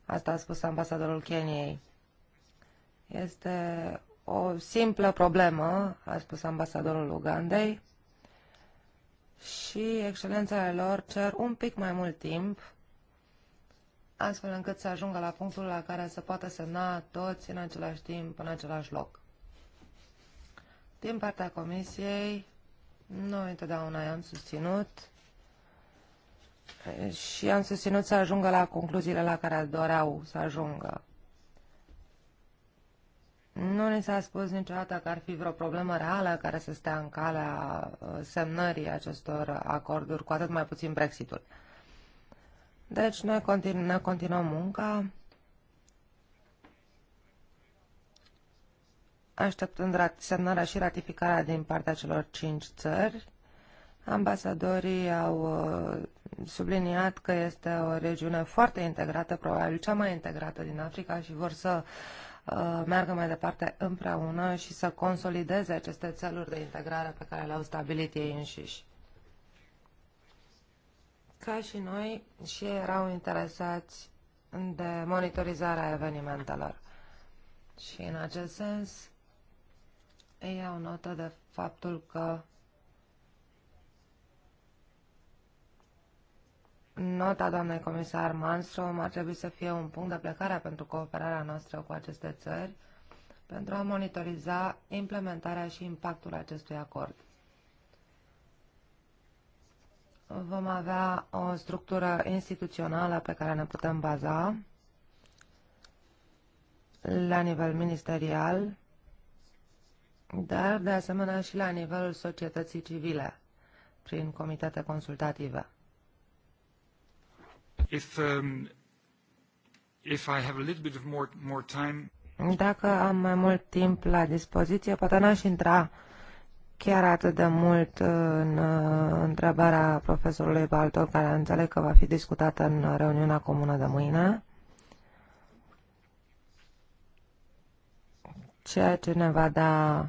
Asta a spus ambasadorul Keniei. Este o simplă problemă, a spus ambasadorul Ugandei, și excelențele lor cer un pic mai mult timp, astfel încât să ajungă la punctul la care se poată semna toți în același timp, în același loc. Din partea Comisiei, noi întotdeauna i-am susținut și am susținut să ajungă la concluziile la care doreau să ajungă. Nu ni s-a spus niciodată că ar fi vreo problemă reală care să stea în calea uh, semnării acestor acorduri, cu atât mai puțin Brexitul. Deci noi continu- ne continuăm munca, așteptând semnarea și ratificarea din partea celor cinci țări. Ambasadorii au uh, subliniat că este o regiune foarte integrată, probabil cea mai integrată din Africa și vor să uh, Uh, meargă mai departe împreună și să consolideze aceste țeluri de integrare pe care le-au stabilit ei înșiși. Ca și noi, și ei erau interesați de monitorizarea evenimentelor. Și în acest sens, ei au notă de faptul că Nota doamnei comisar Manstrom ar trebui să fie un punct de plecare pentru cooperarea noastră cu aceste țări, pentru a monitoriza implementarea și impactul acestui acord. Vom avea o structură instituțională pe care ne putem baza la nivel ministerial, dar de asemenea și la nivelul societății civile, prin comitete consultative. Dacă am mai mult timp la dispoziție, poate n-aș intra chiar atât de mult în uh, întrebarea profesorului Baltor, care înțeleg că va fi discutată în reuniunea comună de mâine. Ceea ce ne va da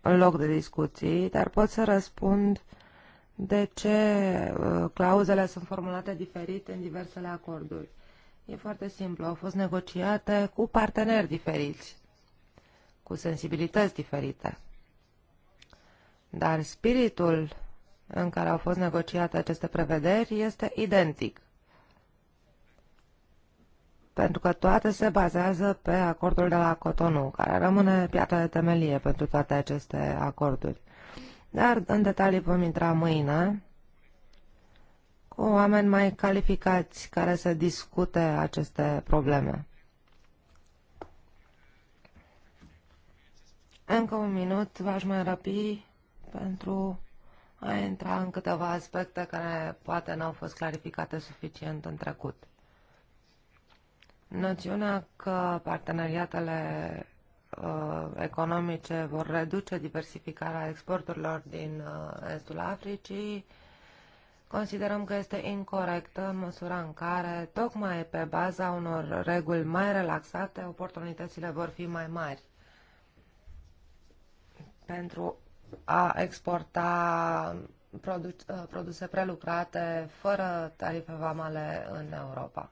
în loc de discuții, dar pot să răspund uh, de ce uh, clauzele sunt formulate diferit în diversele acorduri. E foarte simplu, au fost negociate cu parteneri diferiți, cu sensibilități diferite. Dar spiritul în care au fost negociate aceste prevederi este identic. Pentru că toate se bazează pe acordul de la Cotonou, care rămâne piatra de temelie pentru toate aceste acorduri. Dar în detalii vom intra mâine cu oameni mai calificați care să discute aceste probleme. Încă un minut v-aș mai răpi pentru a intra în câteva aspecte care poate n-au fost clarificate suficient în trecut. Noțiunea că parteneriatele Uh, economice vor reduce diversificarea exporturilor din uh, estul Africii, considerăm că este incorrectă în măsura în care, tocmai pe baza unor reguli mai relaxate, oportunitățile vor fi mai mari pentru a exporta uh, produse prelucrate fără tarife vamale în Europa.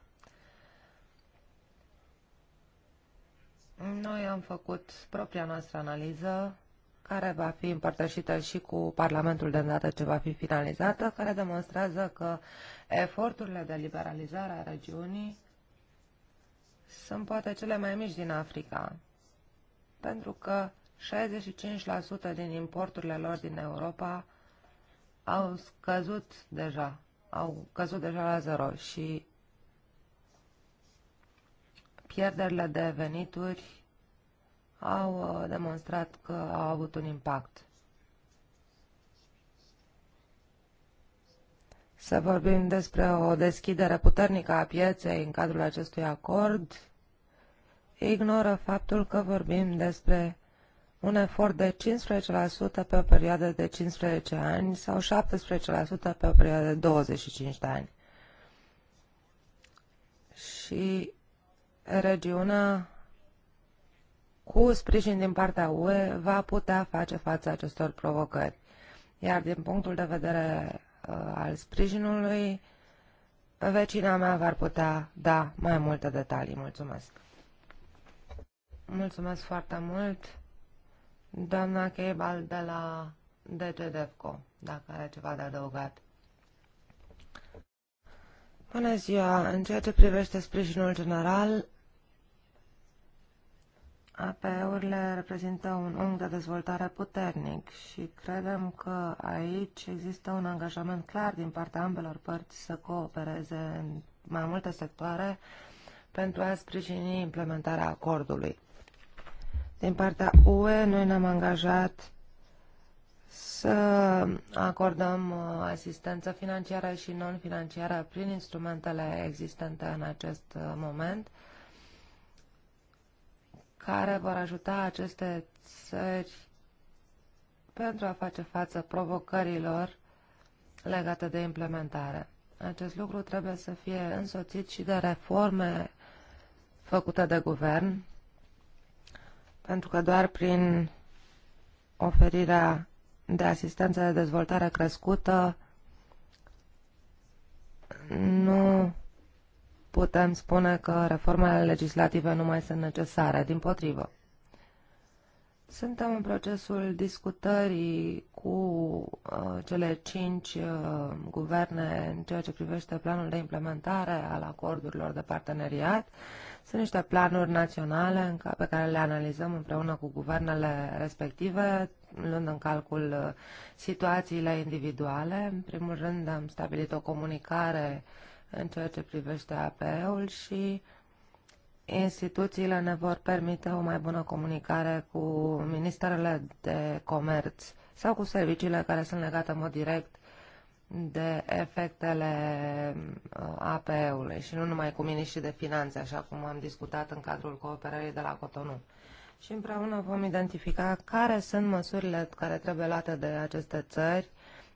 Noi am făcut propria noastră analiză, care va fi împărtășită și cu Parlamentul de îndată ce va fi finalizată, care demonstrează că eforturile de liberalizare a regiunii sunt poate cele mai mici din Africa, pentru că 65% din importurile lor din Europa au scăzut deja, au căzut deja la zero și pierderile de venituri au uh, demonstrat că au avut un impact. Să vorbim despre o deschidere puternică a pieței în cadrul acestui acord ignoră faptul că vorbim despre un efort de 15% pe o perioadă de 15 ani sau 17% pe o perioadă de 25 de ani. Și regiunea cu sprijin din partea UE va putea face față acestor provocări. Iar din punctul de vedere uh, al sprijinului, vecina mea va putea da mai multe detalii. Mulțumesc! Mulțumesc foarte mult, doamna Cable de la DGDFCO, dacă are ceva de adăugat. Bună ziua! În ceea ce privește sprijinul general, APE-urile reprezintă un unghi de dezvoltare puternic și credem că aici există un angajament clar din partea ambelor părți să coopereze în mai multe sectoare pentru a sprijini implementarea acordului. Din partea UE, noi ne-am angajat să acordăm uh, asistență financiară și non-financiară prin instrumentele existente în acest uh, moment – care vor ajuta aceste țări pentru a face față provocărilor legate de implementare. Acest lucru trebuie să fie însoțit și de reforme făcute de guvern, pentru că doar prin oferirea de asistență de dezvoltare crescută nu putem spune că reformele legislative nu mai sunt necesare, din potrivă. Suntem în procesul discutării cu uh, cele cinci uh, guverne în ceea ce privește planul de implementare al acordurilor de parteneriat. Sunt niște planuri naționale în ca, pe care le analizăm împreună cu guvernele respective, luând în calcul uh, situațiile individuale. În primul rând am stabilit o comunicare uh, în ceea ce privește APE-ul și instituțiile ne vor permite o mai bună comunicare cu ministerele de comerț sau cu serviciile care sunt legate în mod direct de efectele uh, APE-ului și nu numai cu miniștrii de finanțe, așa cum am discutat în cadrul cooperării de la Cotonou. Și împreună vom identifica care sunt măsurile care trebuie luate de aceste țări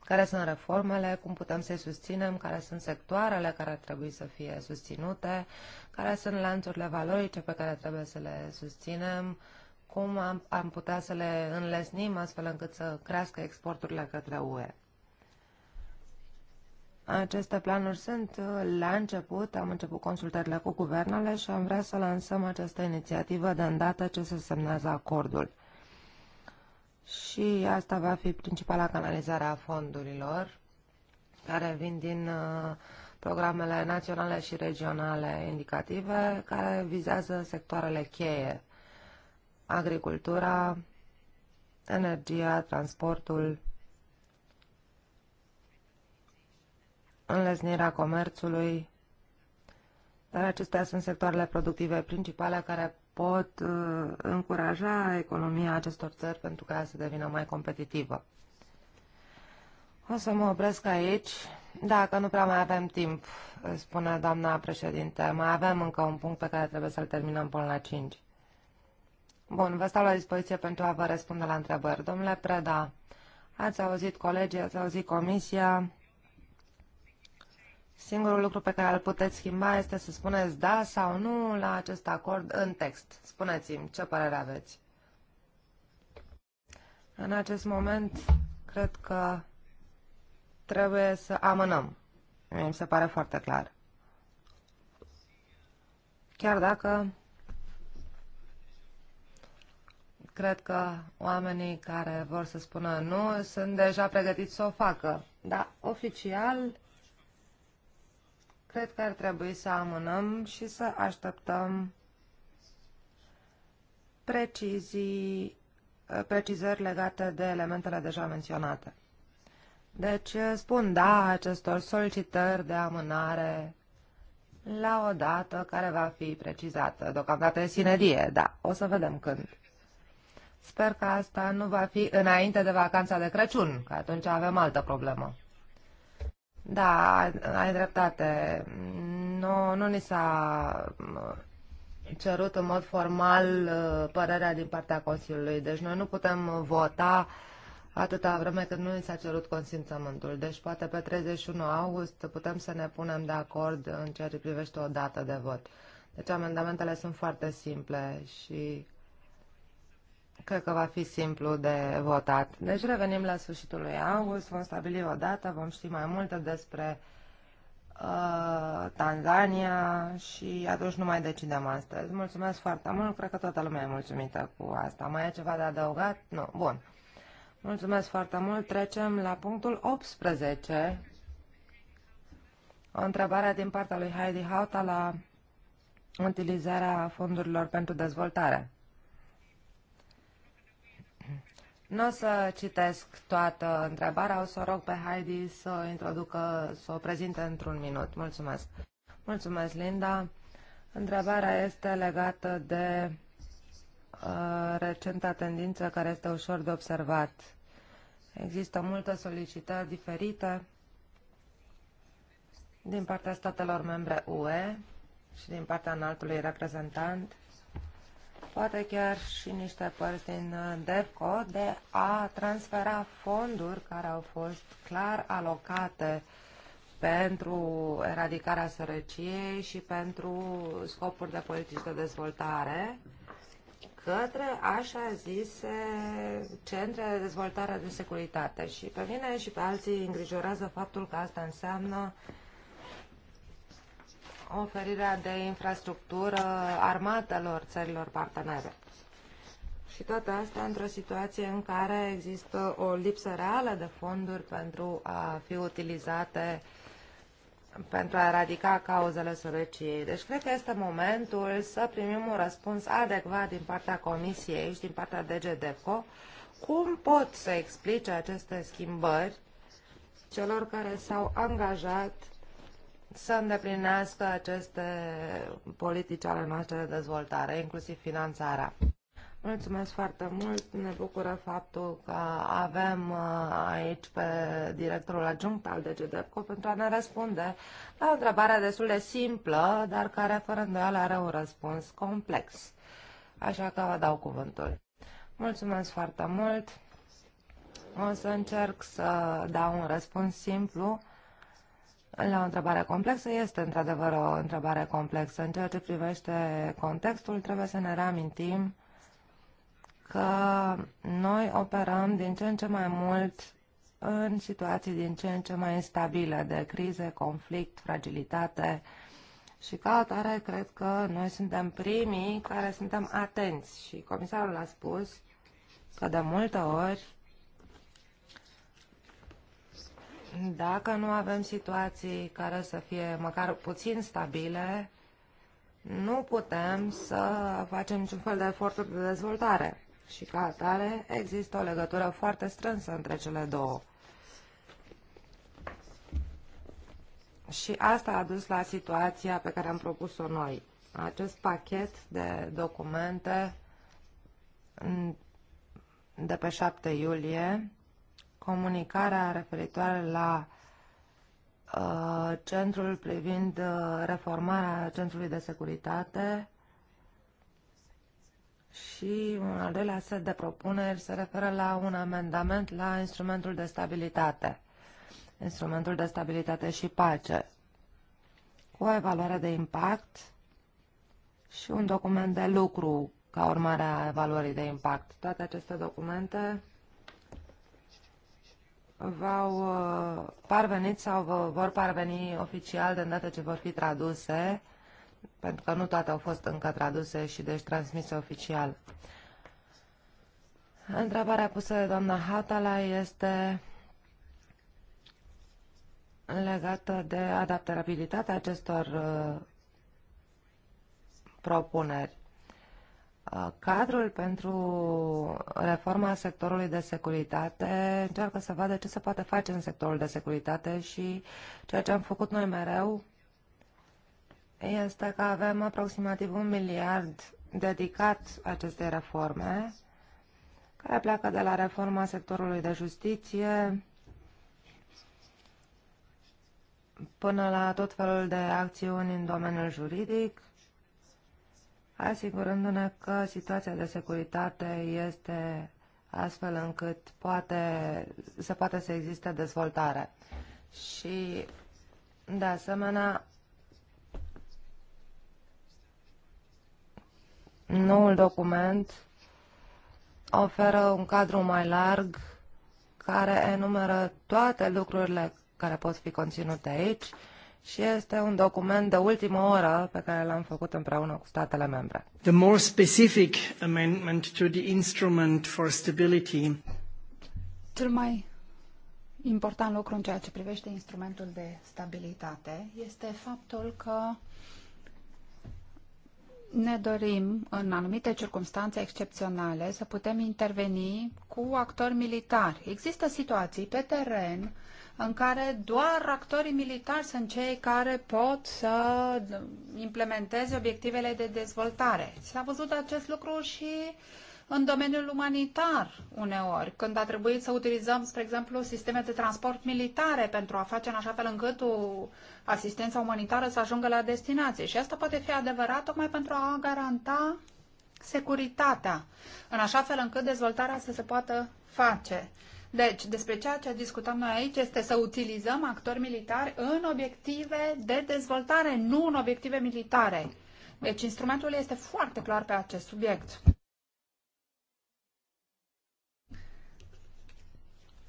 care sunt reformele, cum putem să-i susținem, care sunt sectoarele care ar trebui să fie susținute, care sunt lanțurile valorice pe care trebuie să le susținem, cum am, am putea să le înlesnim astfel încât să crească exporturile către UE. Aceste planuri sunt uh, la început, am început consultările cu guvernele și am vrea să lansăm această inițiativă de îndată ce se semnează acordul și asta va fi principala canalizare a fondurilor care vin din uh, programele naționale și regionale indicative care vizează sectoarele cheie, agricultura, energia, transportul, înlesnirea comerțului, dar acestea sunt sectoarele productive principale care pot uh, încuraja economia acestor țări pentru ca ea să devină mai competitivă. O să mă opresc aici. Dacă nu prea mai avem timp, uh, spune doamna președinte, mai avem încă un punct pe care trebuie să-l terminăm până la 5. Bun, vă stau la dispoziție pentru a vă răspunde la întrebări. Domnule Preda, ați auzit colegii, ați auzit comisia, Singurul lucru pe care îl puteți schimba este să spuneți da sau nu la acest acord în text. Spuneți-mi ce părere aveți. În acest moment, cred că trebuie să amânăm. Mi se pare foarte clar. Chiar dacă cred că oamenii care vor să spună nu sunt deja pregătiți să o facă. Dar oficial Cred că ar trebui să amânăm și să așteptăm precizii, precizări legate de elementele deja menționate. Deci spun da acestor solicitări de amânare la o dată care va fi precizată. Deocamdată e sinedie, da. O să vedem când. Sper că asta nu va fi înainte de vacanța de Crăciun, că atunci avem altă problemă. Da, ai dreptate. Nu, nu ni s-a cerut în mod formal uh, părerea din partea Consiliului, deci noi nu putem vota atâta vreme cât nu ni s-a cerut consimțământul. Deci poate pe 31 august putem să ne punem de acord în ceea ce privește o dată de vot. Deci amendamentele sunt foarte simple și Cred că va fi simplu de votat. Deci revenim la sfârșitul lui august, vom stabili o dată, vom ști mai multe despre uh, Tanzania și atunci nu mai decidem astăzi. Mulțumesc foarte mult, cred că toată lumea e mulțumită cu asta. Mai e ceva de adăugat? Nu, bun. Mulțumesc foarte mult, trecem la punctul 18. O întrebare din partea lui Heidi Hauta la utilizarea fondurilor pentru dezvoltare. Nu o să citesc toată întrebarea, o să rog pe Heidi să o introducă, să o prezinte într-un minut. Mulțumesc. Mulțumesc, Linda. Întrebarea este legată de uh, recenta tendință care este ușor de observat. Există multe solicitări diferite din partea statelor membre UE și din partea înaltului reprezentant poate chiar și niște părți din uh, DEFCO, de a transfera fonduri care au fost clar alocate pentru eradicarea sărăciei și pentru scopuri de politici de dezvoltare către așa zise centre de dezvoltare de securitate. Și pe mine și pe alții îngrijorează faptul că asta înseamnă uh, oferirea de infrastructură armatelor țărilor partenere. Și toate astea într-o situație în care există o lipsă reală de fonduri pentru a fi utilizate pentru a eradica cauzele sărăciei. Deci cred că este momentul să primim un răspuns adecvat din partea Comisiei și din partea DGDEFCO cum pot să explice aceste schimbări celor care s-au angajat să îndeplinească aceste politici ale noastre de dezvoltare, inclusiv finanțarea. Mulțumesc foarte mult. Ne bucură faptul că avem uh, aici pe directorul adjunct al DGDEPCO pentru a ne răspunde la o întrebare destul de simplă, dar care fără îndoială are un răspuns complex. Așa că vă dau cuvântul. Mulțumesc foarte mult. O să încerc să dau un răspuns simplu la o întrebare complexă este într-adevăr o întrebare complexă. În ceea ce privește contextul, trebuie să ne reamintim că noi operăm din ce în ce mai mult în situații din ce în ce mai instabile de crize, conflict, fragilitate și ca atare cred că noi suntem primii care suntem atenți și comisarul a spus că de multe ori Dacă nu avem situații care să fie măcar puțin stabile, nu putem să facem niciun fel de eforturi de dezvoltare. Și ca atare există o legătură foarte strânsă între cele două. Și asta a dus la situația pe care am propus-o noi. Acest pachet de documente de pe 7 iulie comunicarea referitoare la uh, centrul privind uh, reformarea centrului de securitate și un al doilea set de propuneri se referă la un amendament la instrumentul de stabilitate, instrumentul de stabilitate și pace, cu o evaluare de impact și un document de lucru ca urmare a evaluării de impact. Toate aceste documente v-au uh, parvenit sau vă vor parveni oficial de îndată ce vor fi traduse, pentru că nu toate au fost încă traduse și deci transmise oficial. Întrebarea pusă de doamna Hatala este legată de adaptabilitatea acestor uh, propuneri. Uh, cadrul pentru reforma sectorului de securitate încearcă să vadă ce se poate face în sectorul de securitate și ceea ce am făcut noi mereu este că avem aproximativ un miliard dedicat acestei reforme, care pleacă de la reforma sectorului de justiție până la tot felul de acțiuni în domeniul juridic, asigurându-ne că situația de securitate este astfel încât poate, se poate să existe dezvoltare. Și, de asemenea, noul document oferă un cadru mai larg care enumeră toate lucrurile care pot fi conținute aici, și este un document de ultimă oră pe care l-am făcut împreună cu statele membre. The more specific amendment to the instrument for stability. Cel mai important lucru în ceea ce privește instrumentul de stabilitate este faptul că ne dorim, în anumite circunstanțe excepționale, să putem interveni cu actori militari. Există situații pe teren în care doar actorii militari sunt cei care pot să implementeze obiectivele de dezvoltare. S-a văzut acest lucru și în domeniul umanitar uneori, când a trebuit să utilizăm, spre exemplu, sisteme de transport militare pentru a face în așa fel încât o asistența umanitară să ajungă la destinație. Și asta poate fi adevărat tocmai pentru a garanta securitatea, în așa fel încât dezvoltarea să se poată face. Deci, despre ceea ce discutăm noi aici este să utilizăm actori militari în obiective de dezvoltare, nu în obiective militare. Deci, instrumentul este foarte clar pe acest subiect.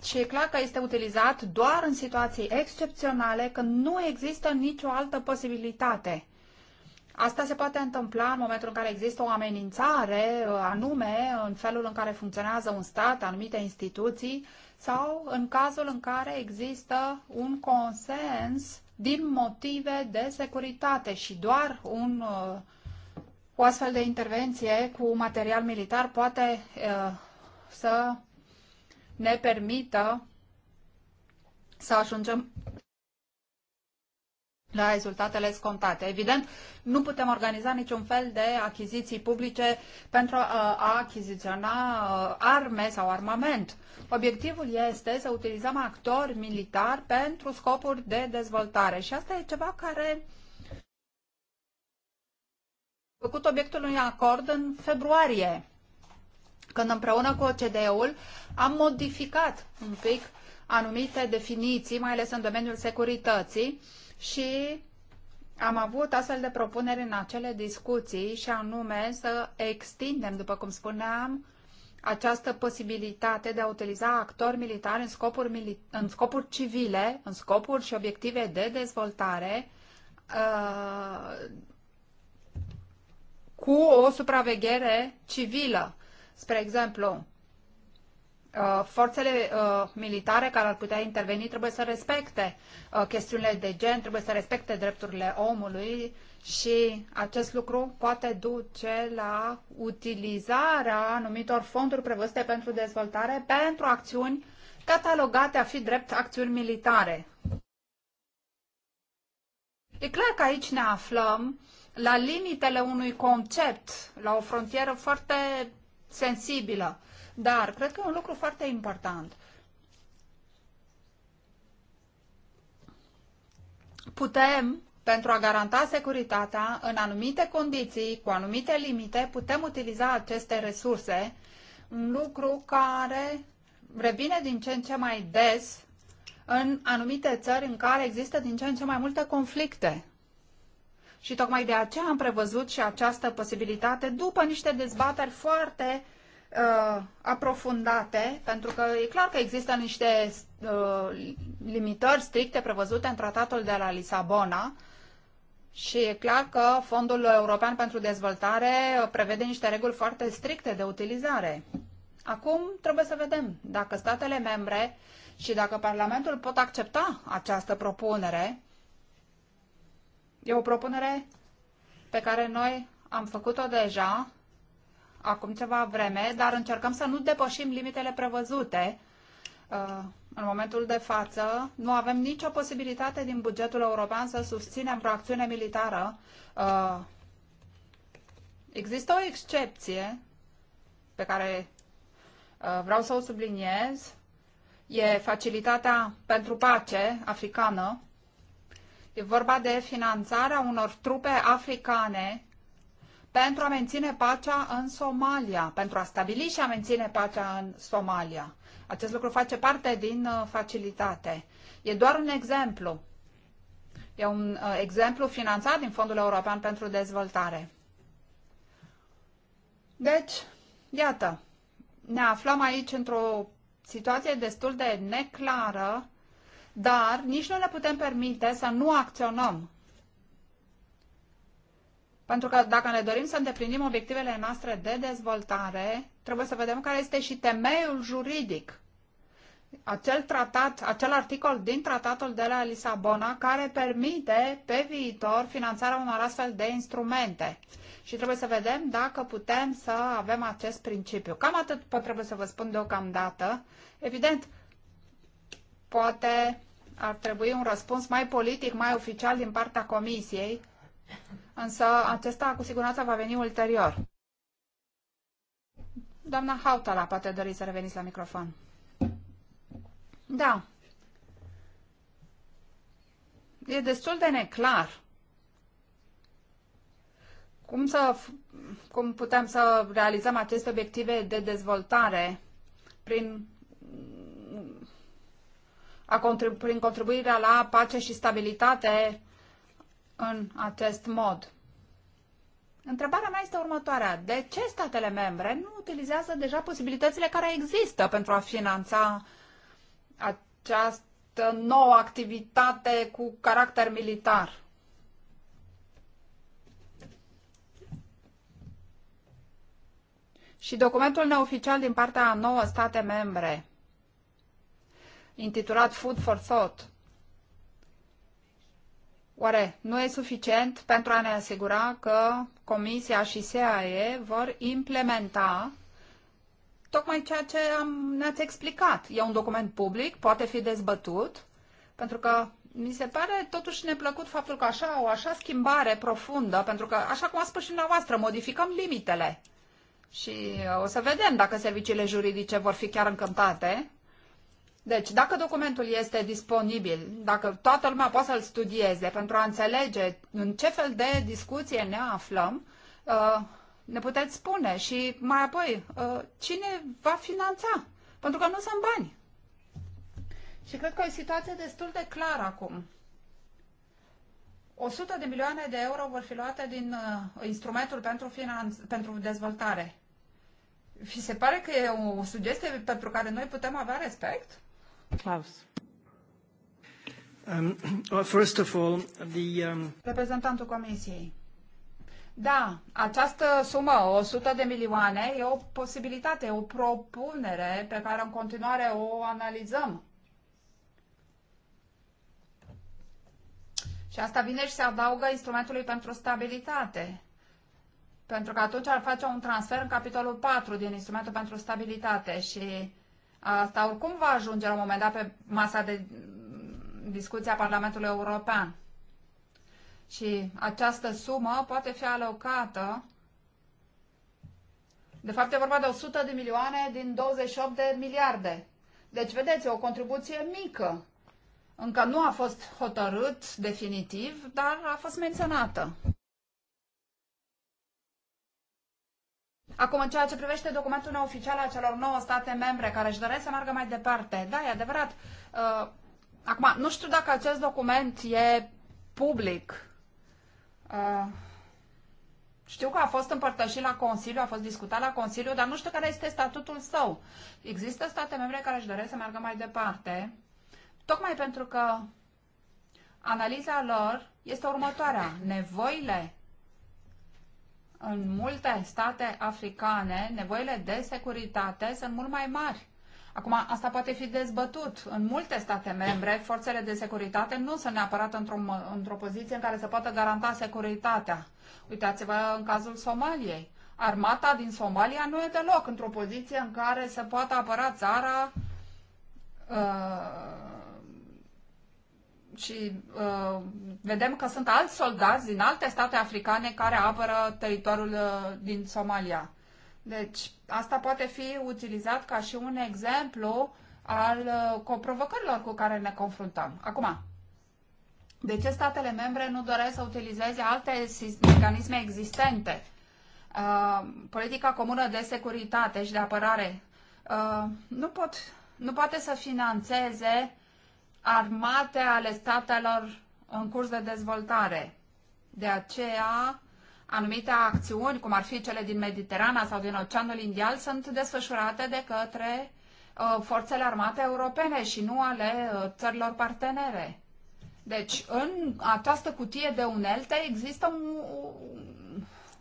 Și e clar că este utilizat doar în situații excepționale când nu există nicio altă posibilitate. Asta se poate întâmpla în momentul în care există o amenințare uh, anume în felul în care funcționează un stat, anumite instituții sau în cazul în care există un consens din motive de securitate și doar un, uh, o astfel de intervenție cu material militar poate uh, să ne permită să ajungem la rezultatele scontate. Evident, nu putem organiza niciun fel de achiziții publice pentru uh, a achiziționa uh, arme sau armament. Obiectivul este să utilizăm actori militari pentru scopuri de dezvoltare și asta e ceva care a făcut obiectul unui acord în februarie, când împreună cu OCDE-ul am modificat un pic anumite definiții, mai ales în domeniul securității, și am avut astfel de propuneri în acele discuții și anume să extindem, după cum spuneam, această posibilitate de a utiliza actori militari în scopuri, mili- în scopuri civile, în scopuri și obiective de dezvoltare, uh, cu o supraveghere civilă. Spre exemplu, Uh, forțele uh, militare care ar putea interveni trebuie să respecte uh, chestiunile de gen, trebuie să respecte drepturile omului și acest lucru poate duce la utilizarea anumitor fonduri prevăzute pentru dezvoltare pentru acțiuni catalogate a fi drept acțiuni militare. E clar că aici ne aflăm la limitele unui concept, la o frontieră foarte sensibilă. Dar cred că e un lucru foarte important. Putem, pentru a garanta securitatea, în anumite condiții, cu anumite limite, putem utiliza aceste resurse, un lucru care revine din ce în ce mai des în anumite țări în care există din ce în ce mai multe conflicte. Și tocmai de aceea am prevăzut și această posibilitate după niște dezbateri foarte uh, aprofundate, pentru că e clar că există niște uh, limitări stricte prevăzute în tratatul de la Lisabona și e clar că Fondul European pentru Dezvoltare prevede niște reguli foarte stricte de utilizare. Acum trebuie să vedem dacă statele membre și dacă Parlamentul pot accepta această propunere. E o propunere pe care noi am făcut-o deja acum ceva vreme, dar încercăm să nu depășim limitele prevăzute. Uh, în momentul de față, nu avem nicio posibilitate din bugetul european să susținem vreo acțiune militară. Uh, există o excepție pe care uh, vreau să o subliniez. E facilitatea pentru pace africană. E vorba de finanțarea unor trupe africane pentru a menține pacea în Somalia, pentru a stabili și a menține pacea în Somalia. Acest lucru face parte din uh, facilitate. E doar un exemplu. E un uh, exemplu finanțat din Fondul European pentru Dezvoltare. Deci, iată, ne aflăm aici într-o situație destul de neclară, dar nici nu ne putem permite să nu acționăm pentru că dacă ne dorim să îndeplinim obiectivele noastre de dezvoltare, trebuie să vedem care este și temeiul juridic. Acel tratat, acel articol din tratatul de la Lisabona care permite pe viitor finanțarea unor astfel de instrumente. Și trebuie să vedem dacă putem să avem acest principiu. Cam atât pot trebuie să vă spun deocamdată. Evident, poate ar trebui un răspuns mai politic, mai oficial din partea Comisiei însă acesta cu siguranță va veni ulterior. Doamna Hautala poate dori să reveniți la microfon. Da. E destul de neclar cum, să, cum putem să realizăm aceste obiective de dezvoltare prin, a contribu- prin contribuirea la pace și stabilitate în acest mod. Întrebarea mea este următoarea. De ce statele membre nu utilizează deja posibilitățile care există pentru a finanța această nouă activitate cu caracter militar? Și documentul neoficial din partea a nouă state membre, intitulat Food for Thought, Oare nu e suficient pentru a ne asigura că Comisia și SEAE vor implementa tocmai ceea ce am, ne-ați explicat? E un document public, poate fi dezbătut, pentru că mi se pare totuși neplăcut faptul că așa, o așa schimbare profundă, pentru că, așa cum a spus și dumneavoastră, modificăm limitele. Și uh, o să vedem dacă serviciile juridice vor fi chiar încântate deci, dacă documentul este disponibil, dacă toată lumea poate să-l studieze pentru a înțelege în ce fel de discuție ne aflăm, uh, ne puteți spune și mai apoi uh, cine va finanța, pentru că nu sunt bani. Și cred că e o situație destul de clară acum. 100 de milioane de euro vor fi luate din uh, instrumentul pentru, finanț- pentru dezvoltare. Și se pare că e o sugestie pentru care noi putem avea respect? Klaus. Um, first of all, the, um, Reprezentantul Comisiei. Da, această sumă, 100 de milioane, e o posibilitate, o propunere pe care în continuare o analizăm. Și asta vine și se adaugă instrumentului pentru stabilitate. Pentru că atunci ar face un transfer în capitolul 4 din instrumentul pentru stabilitate și Asta oricum va ajunge la un moment dat pe masa de mm, discuție a Parlamentului European. Și această sumă poate fi alocată. De fapt, e vorba de 100 de milioane din 28 de miliarde. Deci, vedeți, o contribuție mică. Încă nu a fost hotărât definitiv, dar a fost menționată. Acum, în ceea ce privește documentul neoficial al celor nouă state membre care își doresc să meargă mai departe, da, e adevărat. Uh, acum, nu știu dacă acest document e public. Uh, știu că a fost împărtășit la Consiliu, a fost discutat la Consiliu, dar nu știu care este statutul său. Există state membre care își doresc să meargă mai departe, tocmai pentru că analiza lor este următoarea. Nevoile în multe state africane, nevoile de securitate sunt mult mai mari. Acum, asta poate fi dezbătut. În multe state membre, forțele de securitate nu sunt neapărat într-o, într-o poziție în care se poate garanta securitatea. Uitați-vă în cazul Somaliei. Armata din Somalia nu e deloc într-o poziție în care se poate apăra țara uh, și uh, vedem că sunt alți soldați din alte state africane care apără teritoriul uh, din Somalia. Deci, asta poate fi utilizat ca și un exemplu al uh, provocărilor cu care ne confruntăm. Acum, de ce statele membre nu doresc să utilizeze alte mecanisme existente? Uh, politica comună de securitate și de apărare uh, nu, pot, nu poate să financeze armate ale statelor în curs de dezvoltare. De aceea, anumite acțiuni, cum ar fi cele din Mediterana sau din Oceanul Indial, sunt desfășurate de către uh, forțele armate europene și nu ale uh, țărilor partenere. Deci, în această cutie de unelte există un,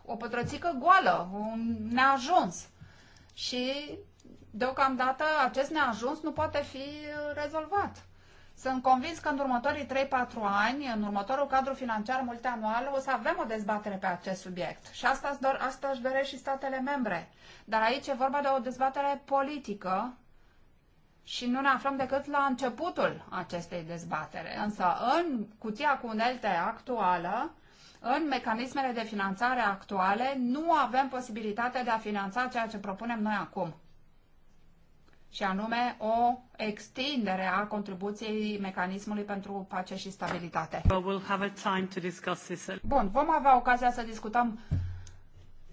o, o pătrățică goală, un neajuns. Și, deocamdată, acest neajuns nu poate fi rezolvat. Sunt convins că în următorii 3-4 ani, în următorul cadru financiar multianual, o să avem o dezbatere pe acest subiect. Și asta, doar, asta își doresc și statele membre. Dar aici e vorba de o dezbatere politică și nu ne aflăm decât la începutul acestei dezbatere. Însă în cutia cu unelte actuală, în mecanismele de finanțare actuale, nu avem posibilitatea de a finanța ceea ce propunem noi acum și anume o extindere a contribuției mecanismului pentru pace și stabilitate. Bun, vom avea ocazia să discutăm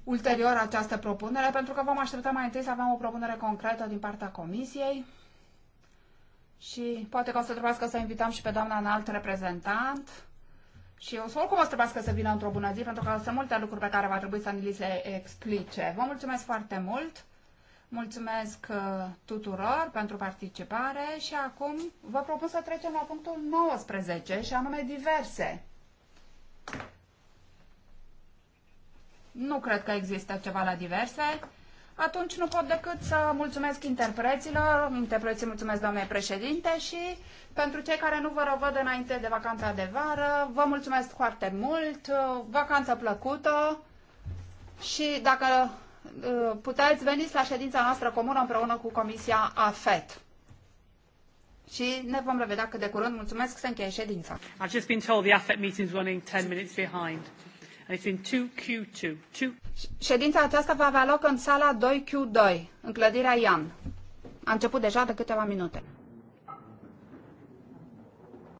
ulterior această propunere, pentru că vom aștepta mai întâi să avem o propunere concretă din partea Comisiei și poate că o să trebuiască să invităm și pe doamna alt reprezentant și o să, oricum o să trebuiască să vină într-o bună zi, pentru că sunt multe lucruri pe care va trebui să ni le explice. Vă mulțumesc foarte mult! Mulțumesc uh, tuturor pentru participare și acum vă propun să trecem la punctul 19 și anume diverse. Nu cred că există ceva la diverse. Atunci nu pot decât să mulțumesc interpreților, interpreții mulțumesc doamnei președinte și pentru cei care nu vă răvăd înainte de vacanța de vară, vă mulțumesc foarte mult, uh, vacanță plăcută și dacă Uh, puteți veni la ședința noastră comună împreună cu Comisia AFET. Și ne vom revedea cât de curând. Mulțumesc, se încheie ședința. I've just been told the AFET running 10 minutes behind. And it's in 2Q2. 2... Ședința aceasta va avea loc în sala 2Q2, în clădirea Ian. A început deja de câteva minute.